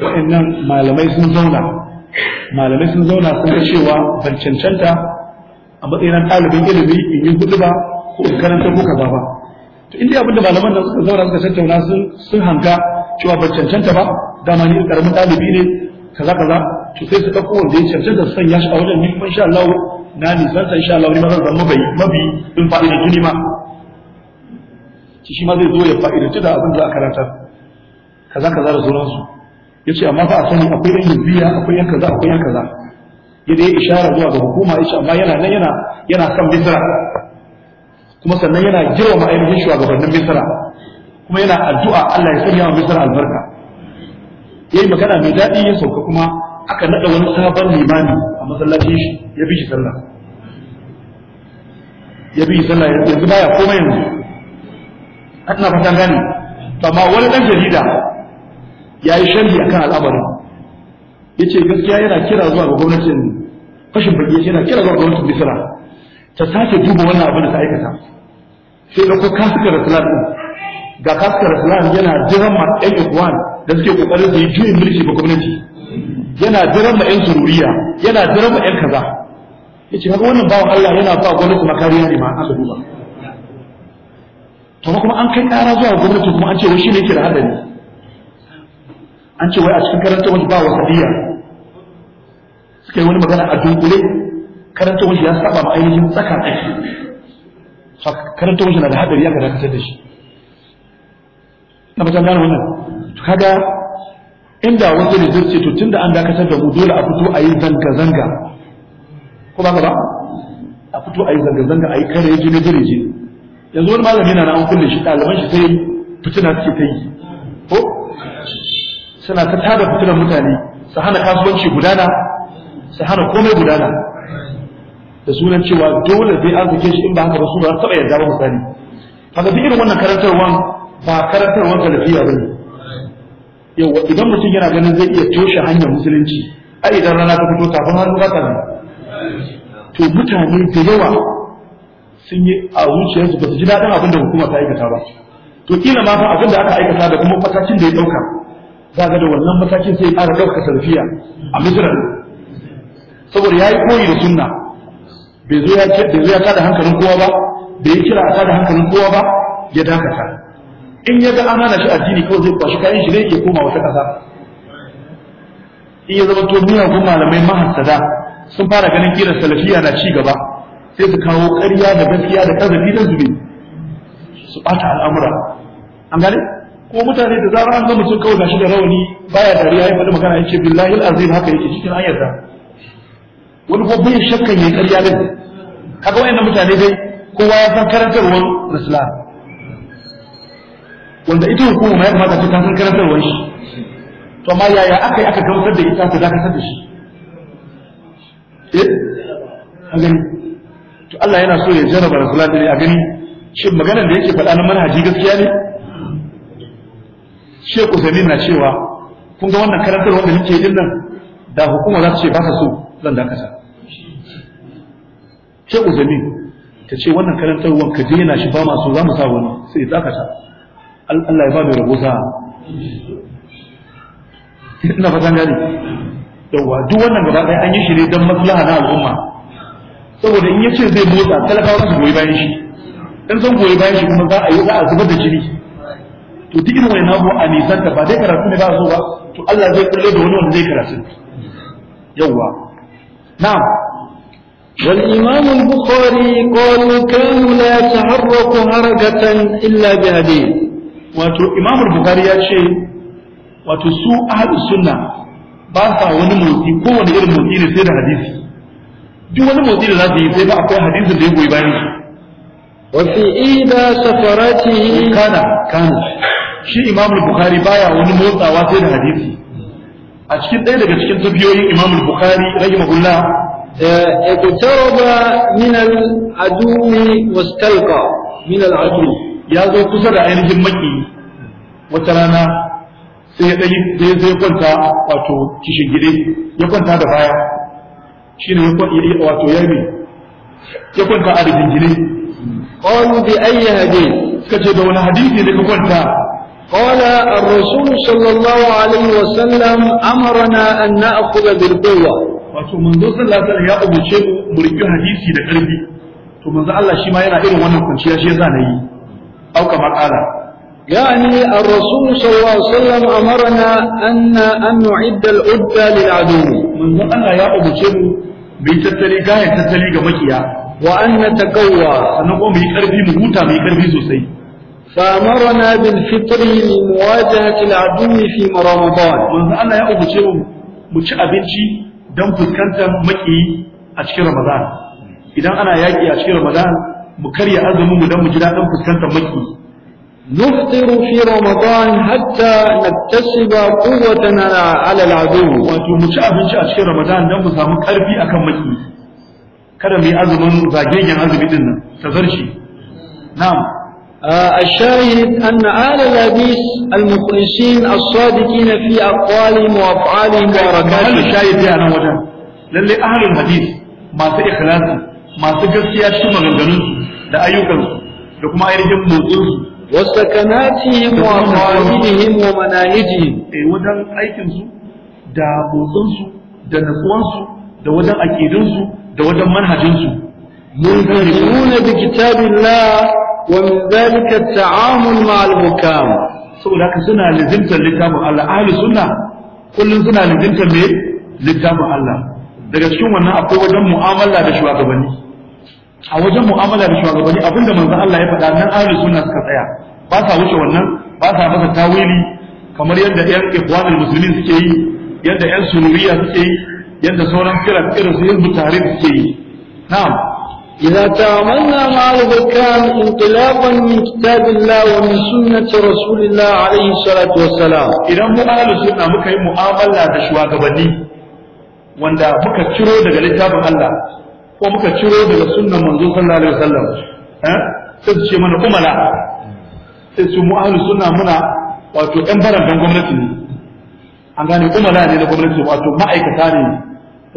wa'annan malamai sun zauna malamai sun zauna sun ga cewa ban cancanta a matsayin ɗalibin ilimi in yi gudu ba ko in karanta ko kaza ba to inda abinda malaman nan suka zauna suka tattauna sun sun hanga cewa ban cancanta ba dama ni karamin ɗalibi ne kaza kaza to sai su ɗauko wanda ya cancanta su sanya shi a wajen ni kuma insha Allah na san insha Allah ni ma zan zama mabi mabi in fa'ida tuni ma shi ma zai zo ya fa'idanci da abin za a karanta kaza kaza da sauransu yace amma fa a sani akwai yan hizbiya akwai yan kaza akwai yan kaza ya dai ishara zuwa ga hukuma yace amma yana nan yana yana son misra kuma sannan yana girma ainihin shugabannin misra kuma yana addu'a Allah ya sanya wa misra albarka yayi magana mai daɗi ya sauka kuma aka nada wani sabon limami a masallacin shi ya bi shi sallah ya bi sallah yanzu baya komai yanzu ana fatan gani amma wani dan jarida ya yi sharhi akan al'amarin ya ce gaskiya yana kira zuwa ga gwamnatin fashin baki yana kira zuwa gwamnatin misira ta sake duba wannan abin da ta aikata sai ɗauko kasuka rasulan ɗin ga kasuka rasulan yana jiran ma ɗan ikuwan da suke ƙoƙarin su yi juyin mulki ba gwamnati yana jiran ma ƴan sururiya yana jiran ma ƴan kaza ya ce haka wannan bawan Allah yana ba gwamnati makariya ne ma aka duba to kuma an kai ƙara zuwa gwamnati kuma an ce wai shi ne ke da haɗari an ce wai a cikin karanta wani ba wa hadiya suka yi wani magana a dunkule karanta wani ya saba ma ainihin tsaka ake karanta wani na da hadari ya ga dakatar da shi na fatan gane wannan to kaga inda wani ne zai ce to tunda an dakatar da mu dole a fito a yi zanga-zanga ko ba ka ba a fito a yi zanga-zanga a yi kare ya jini jini jini yanzu wani malami na an kulle shi ɗaliban shi sai fitina suke ta yi ko suna ta tada fitilan mutane su hana kasuwanci gudana su hana komai gudana da sunan cewa dole zai arzike shi in ba haka ba su ba za taɓa yarda ba misali haka duk irin wannan karantarwan ba karantarwan galafiya ba ne yau idan mutum yana ganin zai iya toshe hanyar musulunci a idan rana ta fito kafin hannu ba tsari to mutane da yawa sun yi a zuciyarsu ba su ji daɗin abin da hukuma ta aikata ba to kila ma fa abin da aka aikata da kuma matakin da ya ɗauka kaga da wannan matakin sai ya ƙara ɗauka sarfiya a misra saboda ya yi koyi da sunna bai zo ya tada hankalin kowa ba bai yi kira a tada hankalin kowa ba ya dakata in ya ga an hana shi addini kawai zai kwashi kayan shi ne ya koma wata ƙasa in ya zama to miyagun malamai mahassada sun fara ganin kiran salafiya na ci gaba sai su kawo ƙarya da gaskiya da kazafi da zube su ɓata al'amura an gane ko mutane da zarar an ga mutum kawai gashi da rawani baya dariya ya faɗi magana yake billahi azim haka yake cikin ayar da wani ko bai shakkan yayi ƙarya din kaga wayannan mutane dai kowa ya san karantarwar Islam wanda ita hukuma ya kamata ta san karantarwar shi to amma yaya aka yi aka gamsar da ita ta dakatar da shi eh a gani to Allah yana so ya jarraba rasulullahi a gani shin maganar da yake faɗa na manhaji gaskiya ne Sheikh Usaimin na cewa kun ga wannan karantar wanda muke din nan da hukuma za ta ce ba ka so zan dakata Sheikh Usaimin ta ce wannan karantar wanka je yana shi ba masu za mu sa wani sai ya sa. Allah ya ba mai rabo sa'a ina fatan gani yawa duk wannan gaba ɗaya an yi shi ne don maslaha na al'umma saboda in ya ce zai motsa talakawa su goyi bayan shi in zan goyi bayan shi kuma za a yi za a zubar da jini to duk irin wannan abu a nisan ba dai karatu ne ba zo ba to Allah zai kulle da wani wanda zai karatu yawa na'am والإمام البخاري قال كانوا لا يتحرك حركة إلا بهديه wato Imam al-Bukhari ya ce wato su ahlus sunna ba sa wani motsi ko wani irin motsi ne sai da hadisi duk wani motsi da za yi sai ba akwai hadisin da ya goyi ba shi wa kana shi imam bukhari baya wani motsawa sai da hadisi a cikin ɗaya daga cikin tafiyoyin imam bukhari rahimahullah اقترب من العدو واستلقى minal العدو ya zo kusa da ainihin maki wata rana sai ya ɗaya sai kwanta wato kishin gide ya kwanta da baya shi ne wato ya yi ya kwanta a rigingine ƙwanu bi ayyana ne. suka ce da wani hadisi da ka kwanta قال الرسول صلى الله عليه وسلم أمرنا أن نأخذ بالقوة wato manzo sallallahu alaihi ya umarce mu mu riƙi hadisi da ƙarfi to manzo Allah shi ma yana irin wannan kunciya shi yasa nayi au kama qala yani ar-rasul sallallahu alaihi wasallam amarna anna an nu'idda al-udda lil adu manzo Allah ya umarce mu mu yi tattali gayan tattali ga makiya wa an natakawwa sannan kuma mu yi ƙarfi mu huta mu yi ƙarfi sosai فأمرنا بالفطر لمواجهة العدو في رمضان منذ أن يا أبو جيم متشأبنجي دم فكانت مكي أشكي رمضان إذا أنا ياكي أشكي رمضان مكري أزم مدم مجلا دم فكانت مكي نفطر في رمضان حتى نكتسب قوتنا على العدو وأنتو متشأبنجي أشكي رمضان دم فكانت مكربي أكم مكي kada mu yi azumin zagegen azumi din nan ta zarci na'am الشاهد أن آل الحديث المخلصين الصادقين في أقوالهم وأفعالهم وحركاتهم الشاهد يا نوجه للي أهل الحديث ما في إخلاص ما في قصية شو مغنغنون لا أيوكم لكم أيرجم موضوعهم وسكناتهم ومواردهم ومناهجهم إيه ودن أيكم سو دا موضوعهم سو دا نسوان سو دا ودن أكيدون سو دا ودن منهجون سو يؤمنون بكتاب الله wa min zalika ta'amul ma'al hukam saboda haka suna lazimtar littafin Allah ahli sunna kullun suna lazimtar me littafin Allah daga cikin wannan akwai wajen mu'amala da shugabanni a wajen mu'amala da shugabanni abinda manzon Allah ya faɗa nan ahli sunna suka tsaya ba sa wuce wannan ba sa masa tawili kamar yadda yan ikhwanul muslimin suke yi yadda yan sunuriya suke yi yadda sauran kira irin su hizbu tare suke yi na'am إذا تأملنا مع الذكران انطلاقا من كتاب الله ومن سنة رسول الله عليه الصلاة والسلام إذا مو أهل السنة مكا مؤاملة دشوا قبلي وندا مكا تشرو دقا لتاب الله ومكا تشرو دقا سنة منذ صلى الله عليه وسلم ها تدشي من أملا تدشي مو أهل السنة منا wato ‘yan baran don gwamnati ne an gane umara ne na gwamnati wato ma'aikata ne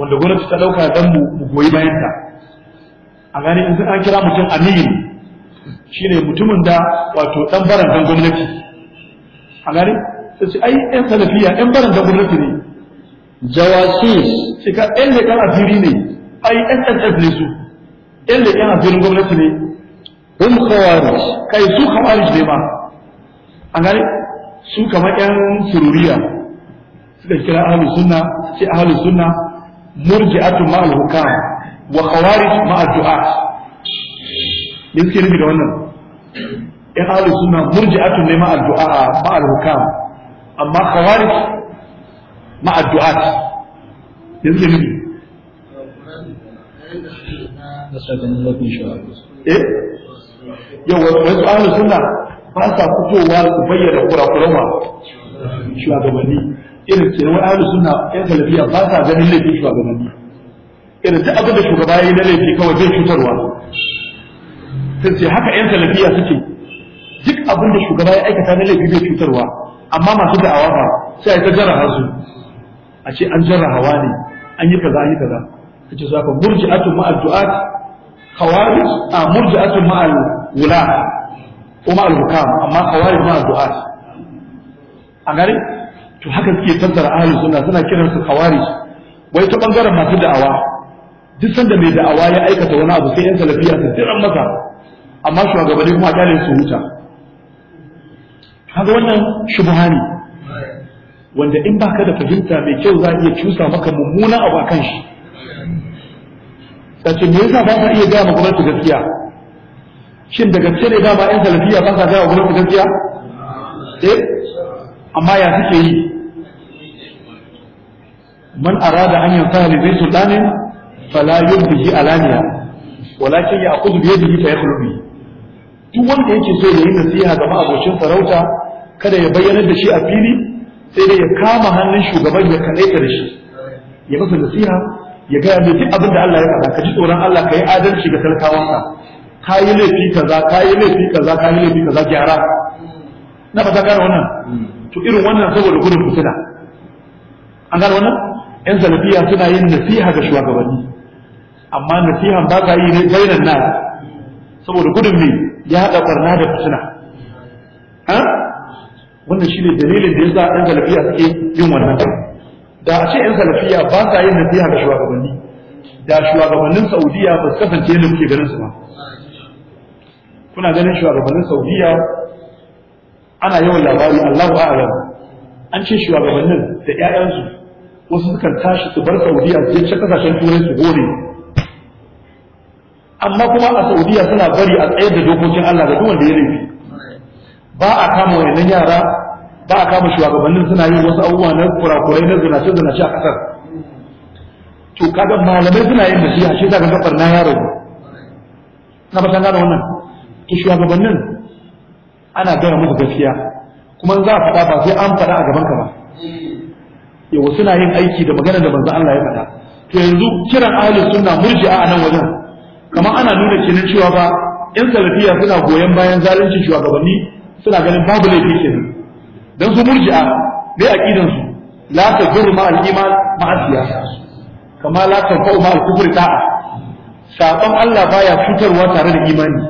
wanda gwamnati ta ɗauka a gani in an kira mutum shi shine mutumin da wato dan barandan gwamnati a gani sai ce ai yan salafiya yan barandan gwamnati ne Jawasu sai ka da ɗan asiri ne ai sss ne su da ɗan asirin gwamnati ne hum kawari kai su kawari ne ma a gani su kamar yan sururiya suka kira ahlus sunna sai ahlus sunna murji'atu ma'al hukama wa khawarij ma'a du'a me suke nufi da wannan yan ahlus sunna murji'atun ne ma'a du'a ma'a hukam amma khawarij ma'a du'a me suke nufi eh yau wasu ahlus sunna ba sa fitowa su bayyana kurakuran wa shugabanni irin kenan wani ahlus sunna yan galabiya ba sa ganin laifin shugabanni irin ta abin da shugaba ya yi na laifi kawai zai cutarwa sun ce haka 'yan salafiya suke duk abin da shugaba ya aikata na laifi bai cutarwa amma masu da'awa ba sai ta jarraha su a ce an jarrahawa ne an yi kaza an yi kaza ta ce za murji murji'atun ma'al du'at khawarij a murji murji'atun ma'al wula ko ma'al hukam amma khawarij ma'al du'at a gare to haka suke tattara ahlus sunna suna kiransu khawarij wai ta bangaren masu da'awa duk sanda mai da'awa ya aikata wani abu sai 'yan salafiya su jiran masa amma shugabanni kuma kyale su huta kaga wannan shubha ne wanda in baka da fahimta mai kyau za iya cusa maka mummunan abu akan shi sace me yasa ba ka iya gaya ma gwamnati gaskiya shin daga gaske ne dama 'yan salafiya ba sa gaya wa gwamnati gaskiya eh amma ya suke yi man arada an yansa li zai sultanin فلا يبدي علانيا ولكن ياخذ بيده فيخلو yadihi fa yakhlu bi duk wanda yake so ya yi nasiha ga ma'abocin sarauta kada ya bayyana da shi a fili sai dai ya kama hannun shugaban ya kalaita da shi ya masa nasiha ya gaya mai duk abin da Allah ya faɗa ka ji tsoron Allah ka yi adalci ga talakawanka ka yi laifi kaza ka yi laifi kaza ka yi laifi kaza gyara na fata gane wannan to irin wannan saboda gudun fitina an gane wannan yan salafiya suna yin nasiha ga shugabanni amma nasihan ba ka yi ne bainan nan saboda gudun me ya haɗa ƙwarna da fitina ha wannan shine dalilin da yasa ɗan salafiya suke yin wannan da a ce ɗan salafiya ba sa yin nasiha ga shugabanni da shugabannin saudiya ba su kasance yadda muke ganin su ba kuna ganin shugabannin saudiya ana yawan labari allahu a'lam an ce shugabannin da 'ya'yansu wasu sukan tashi su bar saudiya su je kasashen turai su gore amma kuma a saudiya suna bari a tsayar da dokokin Allah da duk wanda ya laifi ba a kama wayannan yara ba a kama shugabannin suna yin wasu abubuwa na kurakurai na zinace zinace a kasar to kaga malamai suna yin da shi a shekara ga kafar Na yaro na ba da wannan to shugabannin ana gaya musu gaskiya kuma za a faɗa ba sai an faɗa a gaban ka ba yawa suna yin aiki da maganar da manzo Allah ya faɗa to yanzu kiran ahlus sunna murji'a a nan wajen kamar ana nuna kenan cewa ba yan salafiya suna goyon bayan zalunci shugabanni suna ganin babu laifi kenan dan su murji'a dai aqidan su la ta tajru ma al-iman ma siyasa kama la ta fa'u ma al-kufri da'a sabon Allah baya fitarwa tare da imani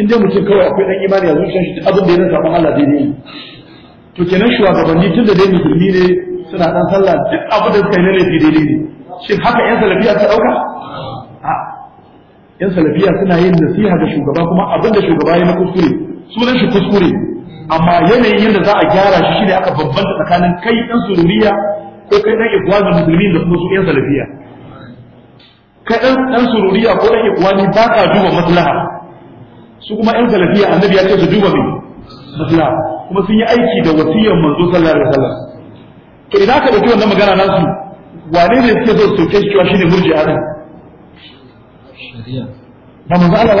in dai mutum kawai akwai dan imani a zuciyar shi abin da yana sabon Allah daidai ne to kenan shugabanni tun da dai musulmi ne suna dan sallah duk abin da suka yi na laifi daidai ne shin haka yan salafiya ta dauka yan salafiya suna yin nasiha ga shugaba kuma abin da shugaba ya na kuskure sunan shi kuskure amma yanayin yadda za a gyara shi shine aka bambanta tsakanin kai dan sulumiya ko kai dan ikhwanul muslimin da kuma su yan salafiya kai dan dan sururiya ko dan ikhwani ba ka duba maslaha su kuma yan salafiya annabi ya ce su duba me maslaha kuma sun yi aiki da wasiyar manzo sallallahu alaihi wasallam to idan ka dauki wannan magana su, wane ne suke so su soke shi cewa shine murji'a din ba manzo Allah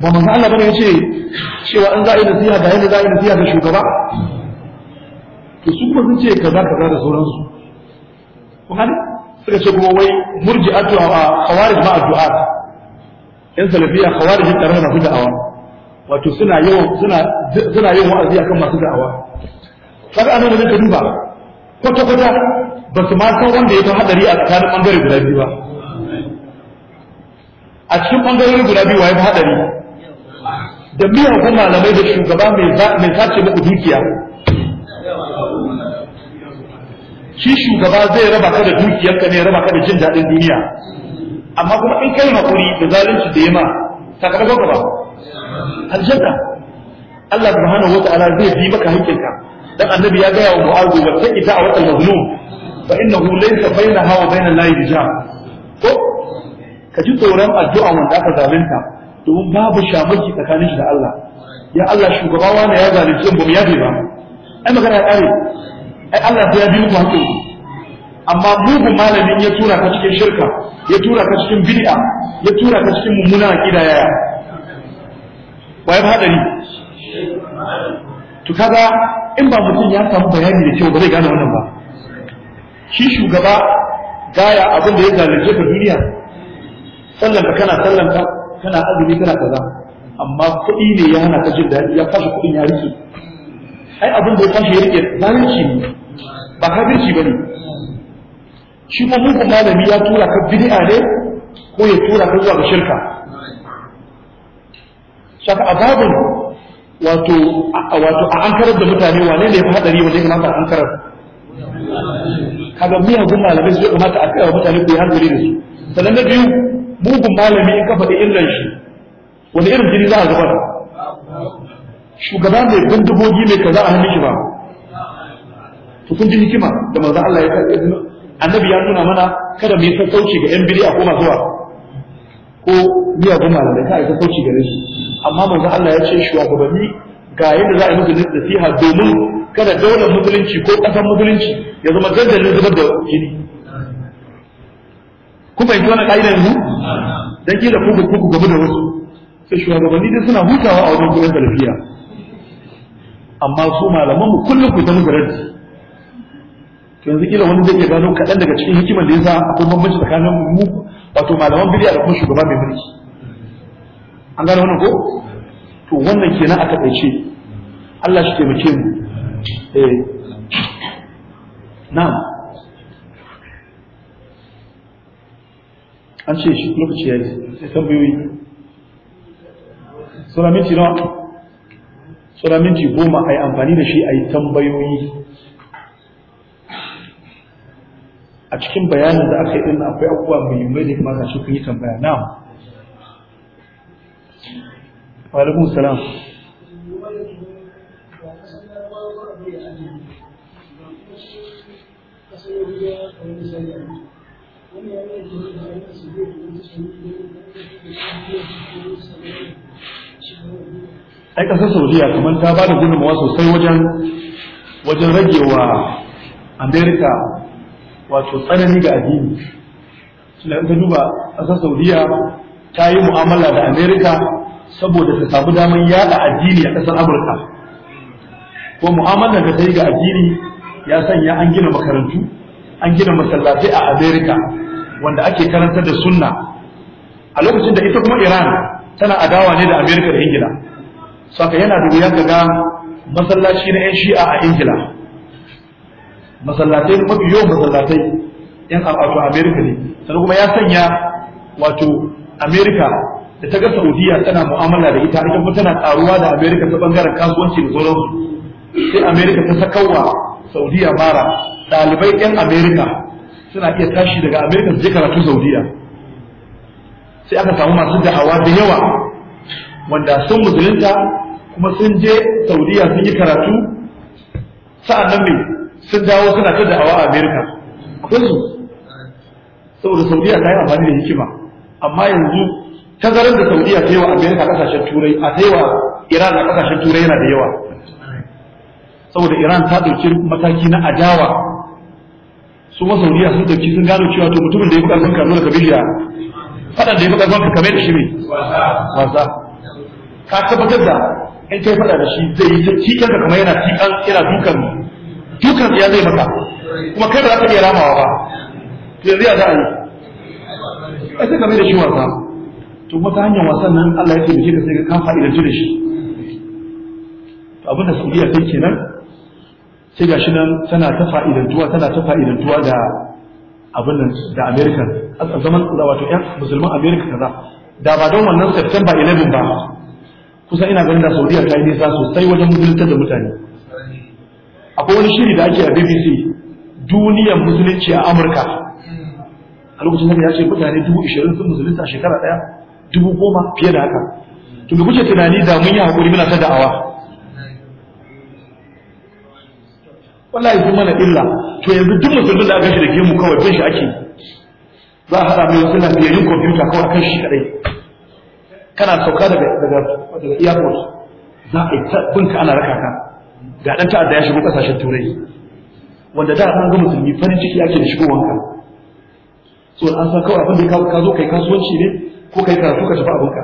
ba ba manzo Allah bane yace cewa an za'i nasiha ga yanda za'i nasiha ga shugaba to su kuma sun ce kaza kaza da sauransu kun gane suka ce kuma wai murji'atu a khawarij ma addu'a yan salafiya khawarij tare da da'awa wato suna yawan suna suna yin wa'azi akan masu da'awa kaga anan da ka duba kwata kwata ba su ma san wanda ya fi hadari a tsakanin bangare guda biyu ba a cikin ɓangarori guda biyu waye haɗari. da miyagun malamai da shugaba mai sace muku dukiya shi shugaba zai raba ka da dukiyarka ne raba ka da jin daɗin duniya amma kuma in kai hakuri da zalunci da yima sakamakon ka ba aljanna Allah subhanahu wata'ala zai bi maka hakkinka dan annabi ya gaya wa mu'azu wa ta'ita a wata mazlum fa innahu laysa bainaha wa bainal lahi hijab ka ji tsoron addu'a wanda aka zalunta domin babu shamaki tsakanin shi da Allah ya Allah shugaba wani ya zalunce mu ya bi ba ai magana kare ai Allah ya bi mu hakuri amma mugu malamin ya tura ka cikin shirka ya tura ka cikin bid'a ya tura ka cikin mummuna aqida ya wai hadari to kaga in ba mutum ya samu bayani da cewa ba zai gane wannan ba shi shugaba gaya abin da ya zalunce ka duniya sallanka kana sallanta kana azumi kana kaza amma kuɗi ne ya hana ka jin daɗi ya fashe kuɗin ya rike ai abin da ya fashe ya rike zalunci ne ba kafirci bane shi kuma mugun malami ya tura ka bid'a ne ko ya tura ka zuwa ga shirka shaka azabun wato wato a ankarar da mutane wane ne ya fi hadari wanda ya kamata a ankarar kaga miyagun malamai su ya kamata a kai wa mutane ko ya hankali da su sannan na biyu mugun malami in ka faɗi illan shi wani irin jini za a zubar shugaba mai bindigogi mai kaza a hannun shi ba to kun ji hikima da manzo Allah ya kai annabi ya nuna mana kada mu yi sassauci ga yan bid'a ko masu wa ko miyagun da ka yi sassauci gare su amma manzo Allah ya ce shugabanni ga yadda za a yi musu nasiha domin kada daular musulunci ko ƙasar musulunci ya zama dandalin zubar da jini ku fahimci wannan ƙa'ida yanzu dan kila ku ku ku gaba da wasu sai shugabanni dai suna hutawa a wajen gurin salafiya amma su malaman mu kullum ku ta musu To yanzu kila wani zai iya gano kaɗan daga cikin hikimar da yasa akwai bambanci tsakanin mu wato malaman bidiya da kuma shugaba mai mulki an gane wannan ko to wannan kenan a takaice Allah shi taimake mu eh na'am an ce shi lokaci ya yi sai tambayoyi sura minti nawa sura minti goma a yi amfani da shi a yi tambayoyi a cikin bayanin da aka yi din akwai abubuwa muhimmai da kamata shi kun yi tambaya na alaikun salam Thank you. ai kasar saudiya kamar ta ba da gudunmawa sosai wajen wajen rage wa amerika wato tsanani ga addini suna ka duba kasar saudiya ta yi mu'amala da amerika saboda ta samu damar yada addini a ƙasar amurka ko mu'amala da ta yi ga addini ya sanya an gina makarantu an gina masallatai a amerika wanda ake karantar da sunna a lokacin da ita kuma iran tana adawa ne da amerika da ingila saka yana da wuya ga masallaci na yan shi'a a ingila masallatai mafi yawan masallatai yan wato amerika ne sannan kuma ya sanya wato amerika da ta ga saudiya tana mu'amala da ita ita kuma tana karuwa da amerika ta bangaren kasuwanci da sauransu sai amerika ta sakawa saudiya mara ɗalibai yan amerika suna iya tashi daga amerika su je karatu saudiya sai aka samu masu da'awa da yawa wanda sun musulunta kuma sun je saudiya sun yi karatu sa'an nan ne sun dawo suna ta da'awa a amerika akwai saboda saudiya ta yi amfani da hikima amma yanzu tazarar da saudiya ta yi wa amerika kasashen turai a ta yi wa iran a kasashen turai yana da yawa saboda iran ta ɗauki mataki na adawa su mazauniya sun dauki sun gano cewa to mutumin da ya fi karfin ka dole ka bi ya da ya fi karfin ka kamar da shi ne wasa ka tabbatar da in kai fada da shi zai yi tikan ka kamar yana tikan yana dukan dukan ya zai maka kuma kai ba za ka iya ramawa ba yanzu ya za a yi ai sai kamar da shi wasa to wata hanyar wasan nan Allah ya taimake ka sai ka fa'idanci da shi abin da Saudiya kai kenan sai shi nan tana ta fa'idantuwa tana ta fa'idantuwa da abin nan da America a zaman da wato yan musulman America kaza da ba don wannan September 11 ba kusa ina ganin da Saudiya ta yi nisa sosai wajen musulunta da mutane akwai wani shiri da ake a BBC duniyar musulunci a Amurka a lokacin da ya ce mutane dubu ishirin sun musulunta a shekara ɗaya dubu goma fiye da haka to me kuke tunani da mun yi haƙuri muna ta da'awa wallahi zai mana illa to yanzu duk musulmin da aka shi da gemu kawai bin shi ake za a haɗa mai suna biyayyun kwamfuta kawai kan shi kaɗai kana sauka daga daga airport za a yi bin ka ana raka ka ga ɗan ta'adda ya shigo ƙasashen turai wanda da an ga musulmi farin ciki ake da shigo wanka so an san kawai abin da ka zo kai kasuwanci ne ko kai karatu ka tafi abin ka.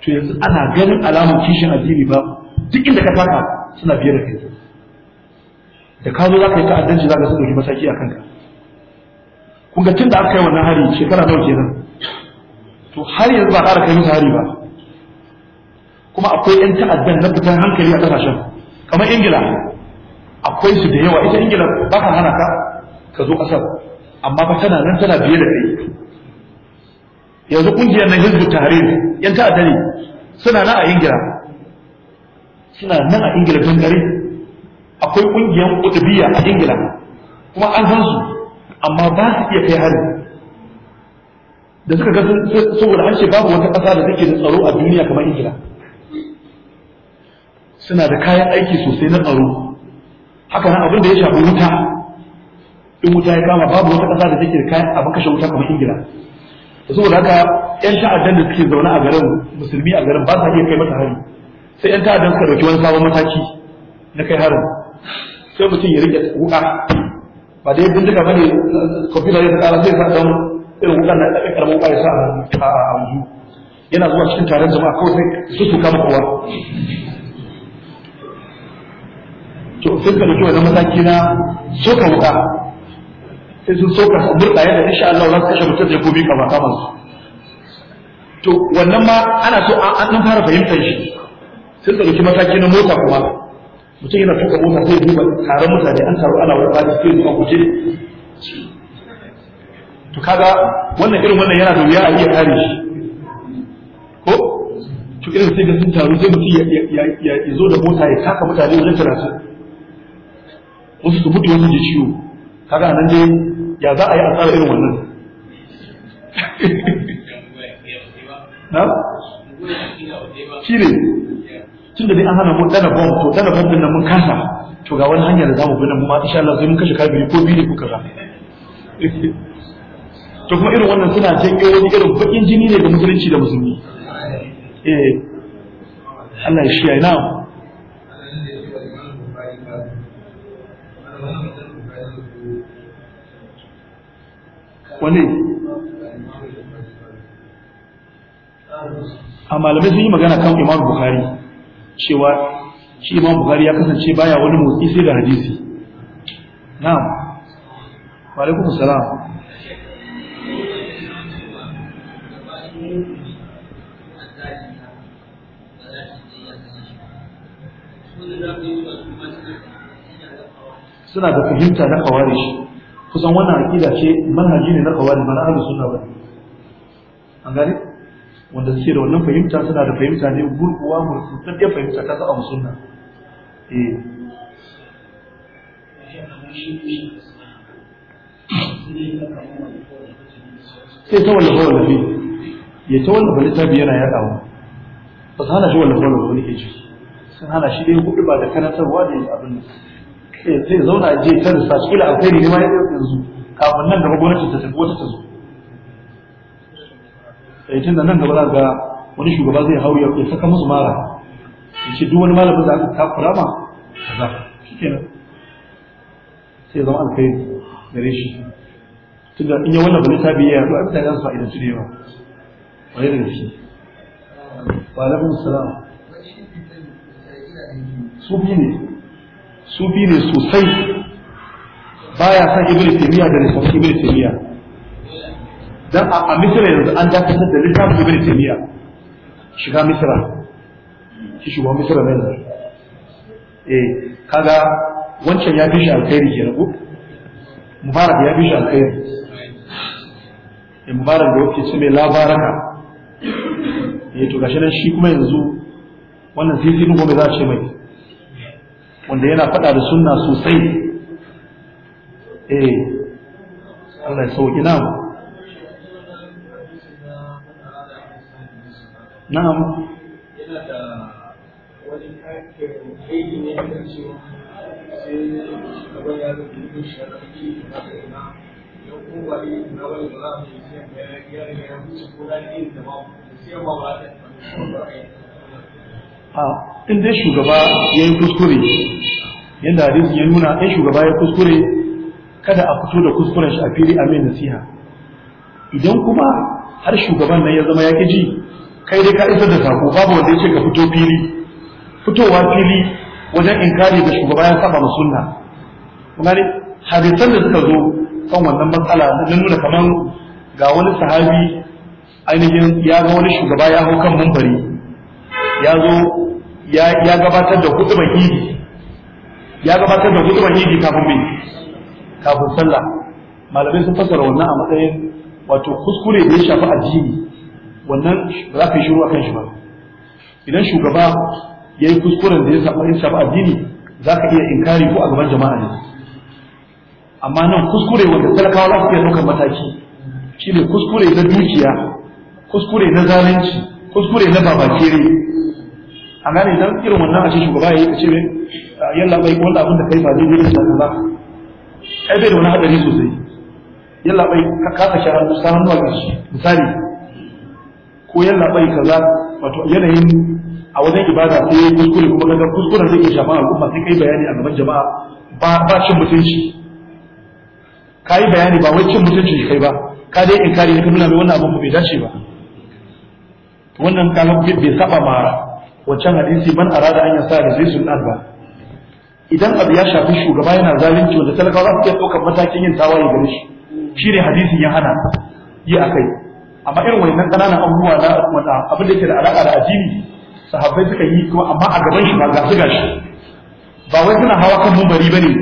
to yanzu ana ganin alamun kishin addini ba duk inda ka taka suna biyar da kai da ka zo za ka yi ta'addanci za ka su ɗauki mataki a kanka kun ga tun da aka yi wannan hari shekara nawa kenan to har yanzu ba ƙara kai musu hari ba kuma akwai 'yan ta'addan na fitan hankali a ƙasashen kamar ingila akwai su da yawa ita ingila ba ka hana ka ka zo ƙasar amma ba tana nan tana biye da kai yanzu ƙungiyar na hizbu tahrir 'yan ta'adda ne suna nan a ingila suna nan a ingila don gare akwai ƙungiyar ƙudubiya a ingila kuma an san su amma ba su iya kai hari da suka ga saboda an ce babu wata ƙasa da take da tsaro a duniya kamar ingila suna da kayan aiki sosai na tsaro haka nan abin da ya shafi wuta in wuta ya kama babu wata ƙasa da take da kayan abin kashe wuta kamar ingila saboda haka yan sha'adan da suke zaune a garin musulmi a garin ba sa iya kai mata hari sai yan ta'adar suka dauki wani sabon mataki na kai harin sai mutum ya rike wuka ba dai duka bane kwamfuta zai tsara zai sa dan irin wukan na ɗaɗɗe karamin wuka ya sa a anzu yana zuwa cikin taron jama'a kawai sai su su kama kowa to sai ka dauki wannan mataki na soka wuka sai sun soka su murɗa yadda insha Allah za su kashe mutum da ya kobi kama kama su to wannan ma ana so an fara fahimtar shi sai ka dauki mataki na mota kuma mutum yana tuka mota zai duba taron mutane an taru ana wata da fiye zuwa guje to kaga wannan irin wannan yana da wuya a iya kare shi ko to irin sai ga sun taru zai mutum ya zo da mota ya taka mutane wajen talatin wasu su mutu wasu ji ciwo kaga nan dai ya za a yi asara irin wannan na? shi ne tun da dai an hana mu dana bomb to dana bomb din nan mun kasa to ga wani hanya da zamu bi nan mu ma insha Allah sai mun kashe biyu ko biyu ne ko kaza to kuma irin wannan suna janyo wani irin bakin jini ne da musulunci da musulmi eh Allah ya shiya na wani a malamai sun yi magana kan imam bukari. cewa shi imam buhari ya kasance baya wani motsi sai da hadisi na'am wa alaikum salam suna da fahimta na shi kusan wannan aqida ce manhaji ne na kawarish ba na ahlus ba an gani wanda suke da wannan fahimta suna da fahimta ne gurguwa murtsatsiyar fahimta ta za'a musulna eh sai ta wallafa wallafi ya ta wallafa littafi yana yaɗawa ba su hana shi wallafa wallafa wani ke ci, sun hana shi dai hudu ba da karantarwa da abin sai zauna je ta da sashi ila alkhairi ne ma yanzu kafin nan gaba gwamnati ta tafi wata ta zo Eh, tun da nan gaba za ga wani shugaba zai hau ya saka musu mara ya ce duk wani malamin da aka takura ma kaza nan. sai zama alkhairi gare shi da in ya wallafa littafi ya yaɗu a a idan su ne da yawa ƙwarai da gaske wa alaikum salam sufi ne sufi ne sosai baya san ibiri taymiya da lisan ibiri taymiya dan a misira yanzu an dakatar da littafin ibn taymiya shiga misira shi shiga misira ne eh kaga wancan ya bishi alkhairi ke ko mubarak ya bishi alkhairi. alkhairi eh, mubarak da yake ce mai labaraka eh to gashi nan shi kuma yanzu wannan sai sai gobe za a ce mai wanda yana faɗa da sunna sosai eh Allah ya sauki namu na'am yana da in dai shugaba ya yi kuskure yadda hadisi ya nuna in shugaba ya kuskure kada a fito da kuskuren a fili a mai nasiha idan kuma har shugaban nan ya zama ya ji kai dai ka isar da sako babu wanda ce ka fito fili fitowa fili wajen inkari da shugaba ya saba sunna kuma ne hadisan da suka zo kan wannan matsala na nuna kaman ga wani sahabi ainihin ya ga wani shugaba ya hau kan mambari ya zo ya gabatar da kudu mahidi ya gabatar da kudu mahidi kafin bin kafin sallah malamai sun fasara wannan a matsayin wato kuskure da ya shafi addini wannan ba za ka yi shiru a kan shi ba idan shugaba ya yi kuskuren da ya saba yin shafi addini za ka iya inkari ko a gaban jama'a ne amma nan kuskure wanda talakawa za su iya ɗaukar mataki shine kuskure na dukiya kuskure na zalunci kuskure na babakere a gane nan irin wannan a ce shugaba ya yi ka ce yalla bai wanda abin da kai ba daidai ne ba kai bai da wani hadari sosai yalla bai ka kasa shahararru sa hannu a misali ko yalla bai kaza wato yanayin a wajen ibada sai kuskure kuma kaga kuskuren zai iya shafan al'umma sai kai bayani a gaban jama'a ba ba cin mutunci kai bayani ba wai cin mutunci kai ba ka dai inkari ne ka nuna mai wannan abin bai dace ba wannan kaga bai saba ma wancan hadisi ban arada an yasa da zai sunnat ba idan abu ya shafi shugaba yana zalunci wanda talakawa za su iya ɗaukar matakin yin tawaye gare shi shi ne hadisin ya hana yi a kai amma irin wannan ƙananan abubuwa na wanda abin da yake da alaƙa da addini sahabbai suka yi kuma amma a gaban shi ba ga su gashi ba wai suna hawa kan mumbari ne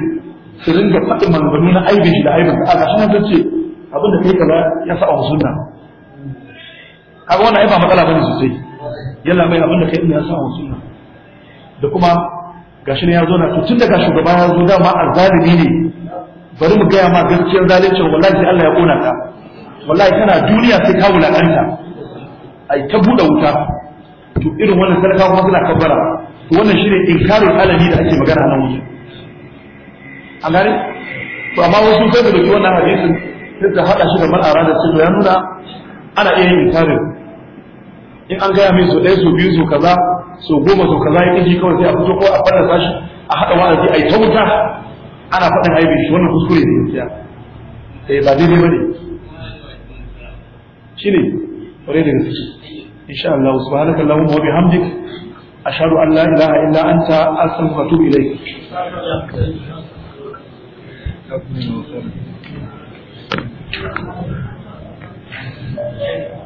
su ringa faɗin maganganu na aibin shi da aibin ka ga shi nan ce abin da kai kaza ya sa a sunna kaga wannan ai ba matsala bane sosai yalla mai abin da kai ya sa a sunna da kuma gashi ne ya zo na to tun daga shugaba ya zo dama azzalimi ne bari mu gaya ma gaskiyar zalincin wallahi Allah ya kona ka wallahi tana duniya sai ka wulakanta ai ta buɗe wuta to irin wannan sarka kuma suna kabbara to wannan shine inkarul alami da ake magana nan wuce an gane to amma wasu sai da doki wannan hadisin sai ta hada shi da marara da su ya nuna ana iya yin inkarin in an gaya mai so ɗaya so biyu so kaza so goma so kaza ya kaji kawai sai a fito ko a fara sashi a haɗa wa'azi a yi ta wuta ana faɗin aibi shi wannan kuskure ne gaskiya eh ba daidai ba ne shine kware da gaske insha Allah subhanaka allahumma wa bihamdik ashhadu an la ilaha illa anta astaghfiruka wa atubu Thank you.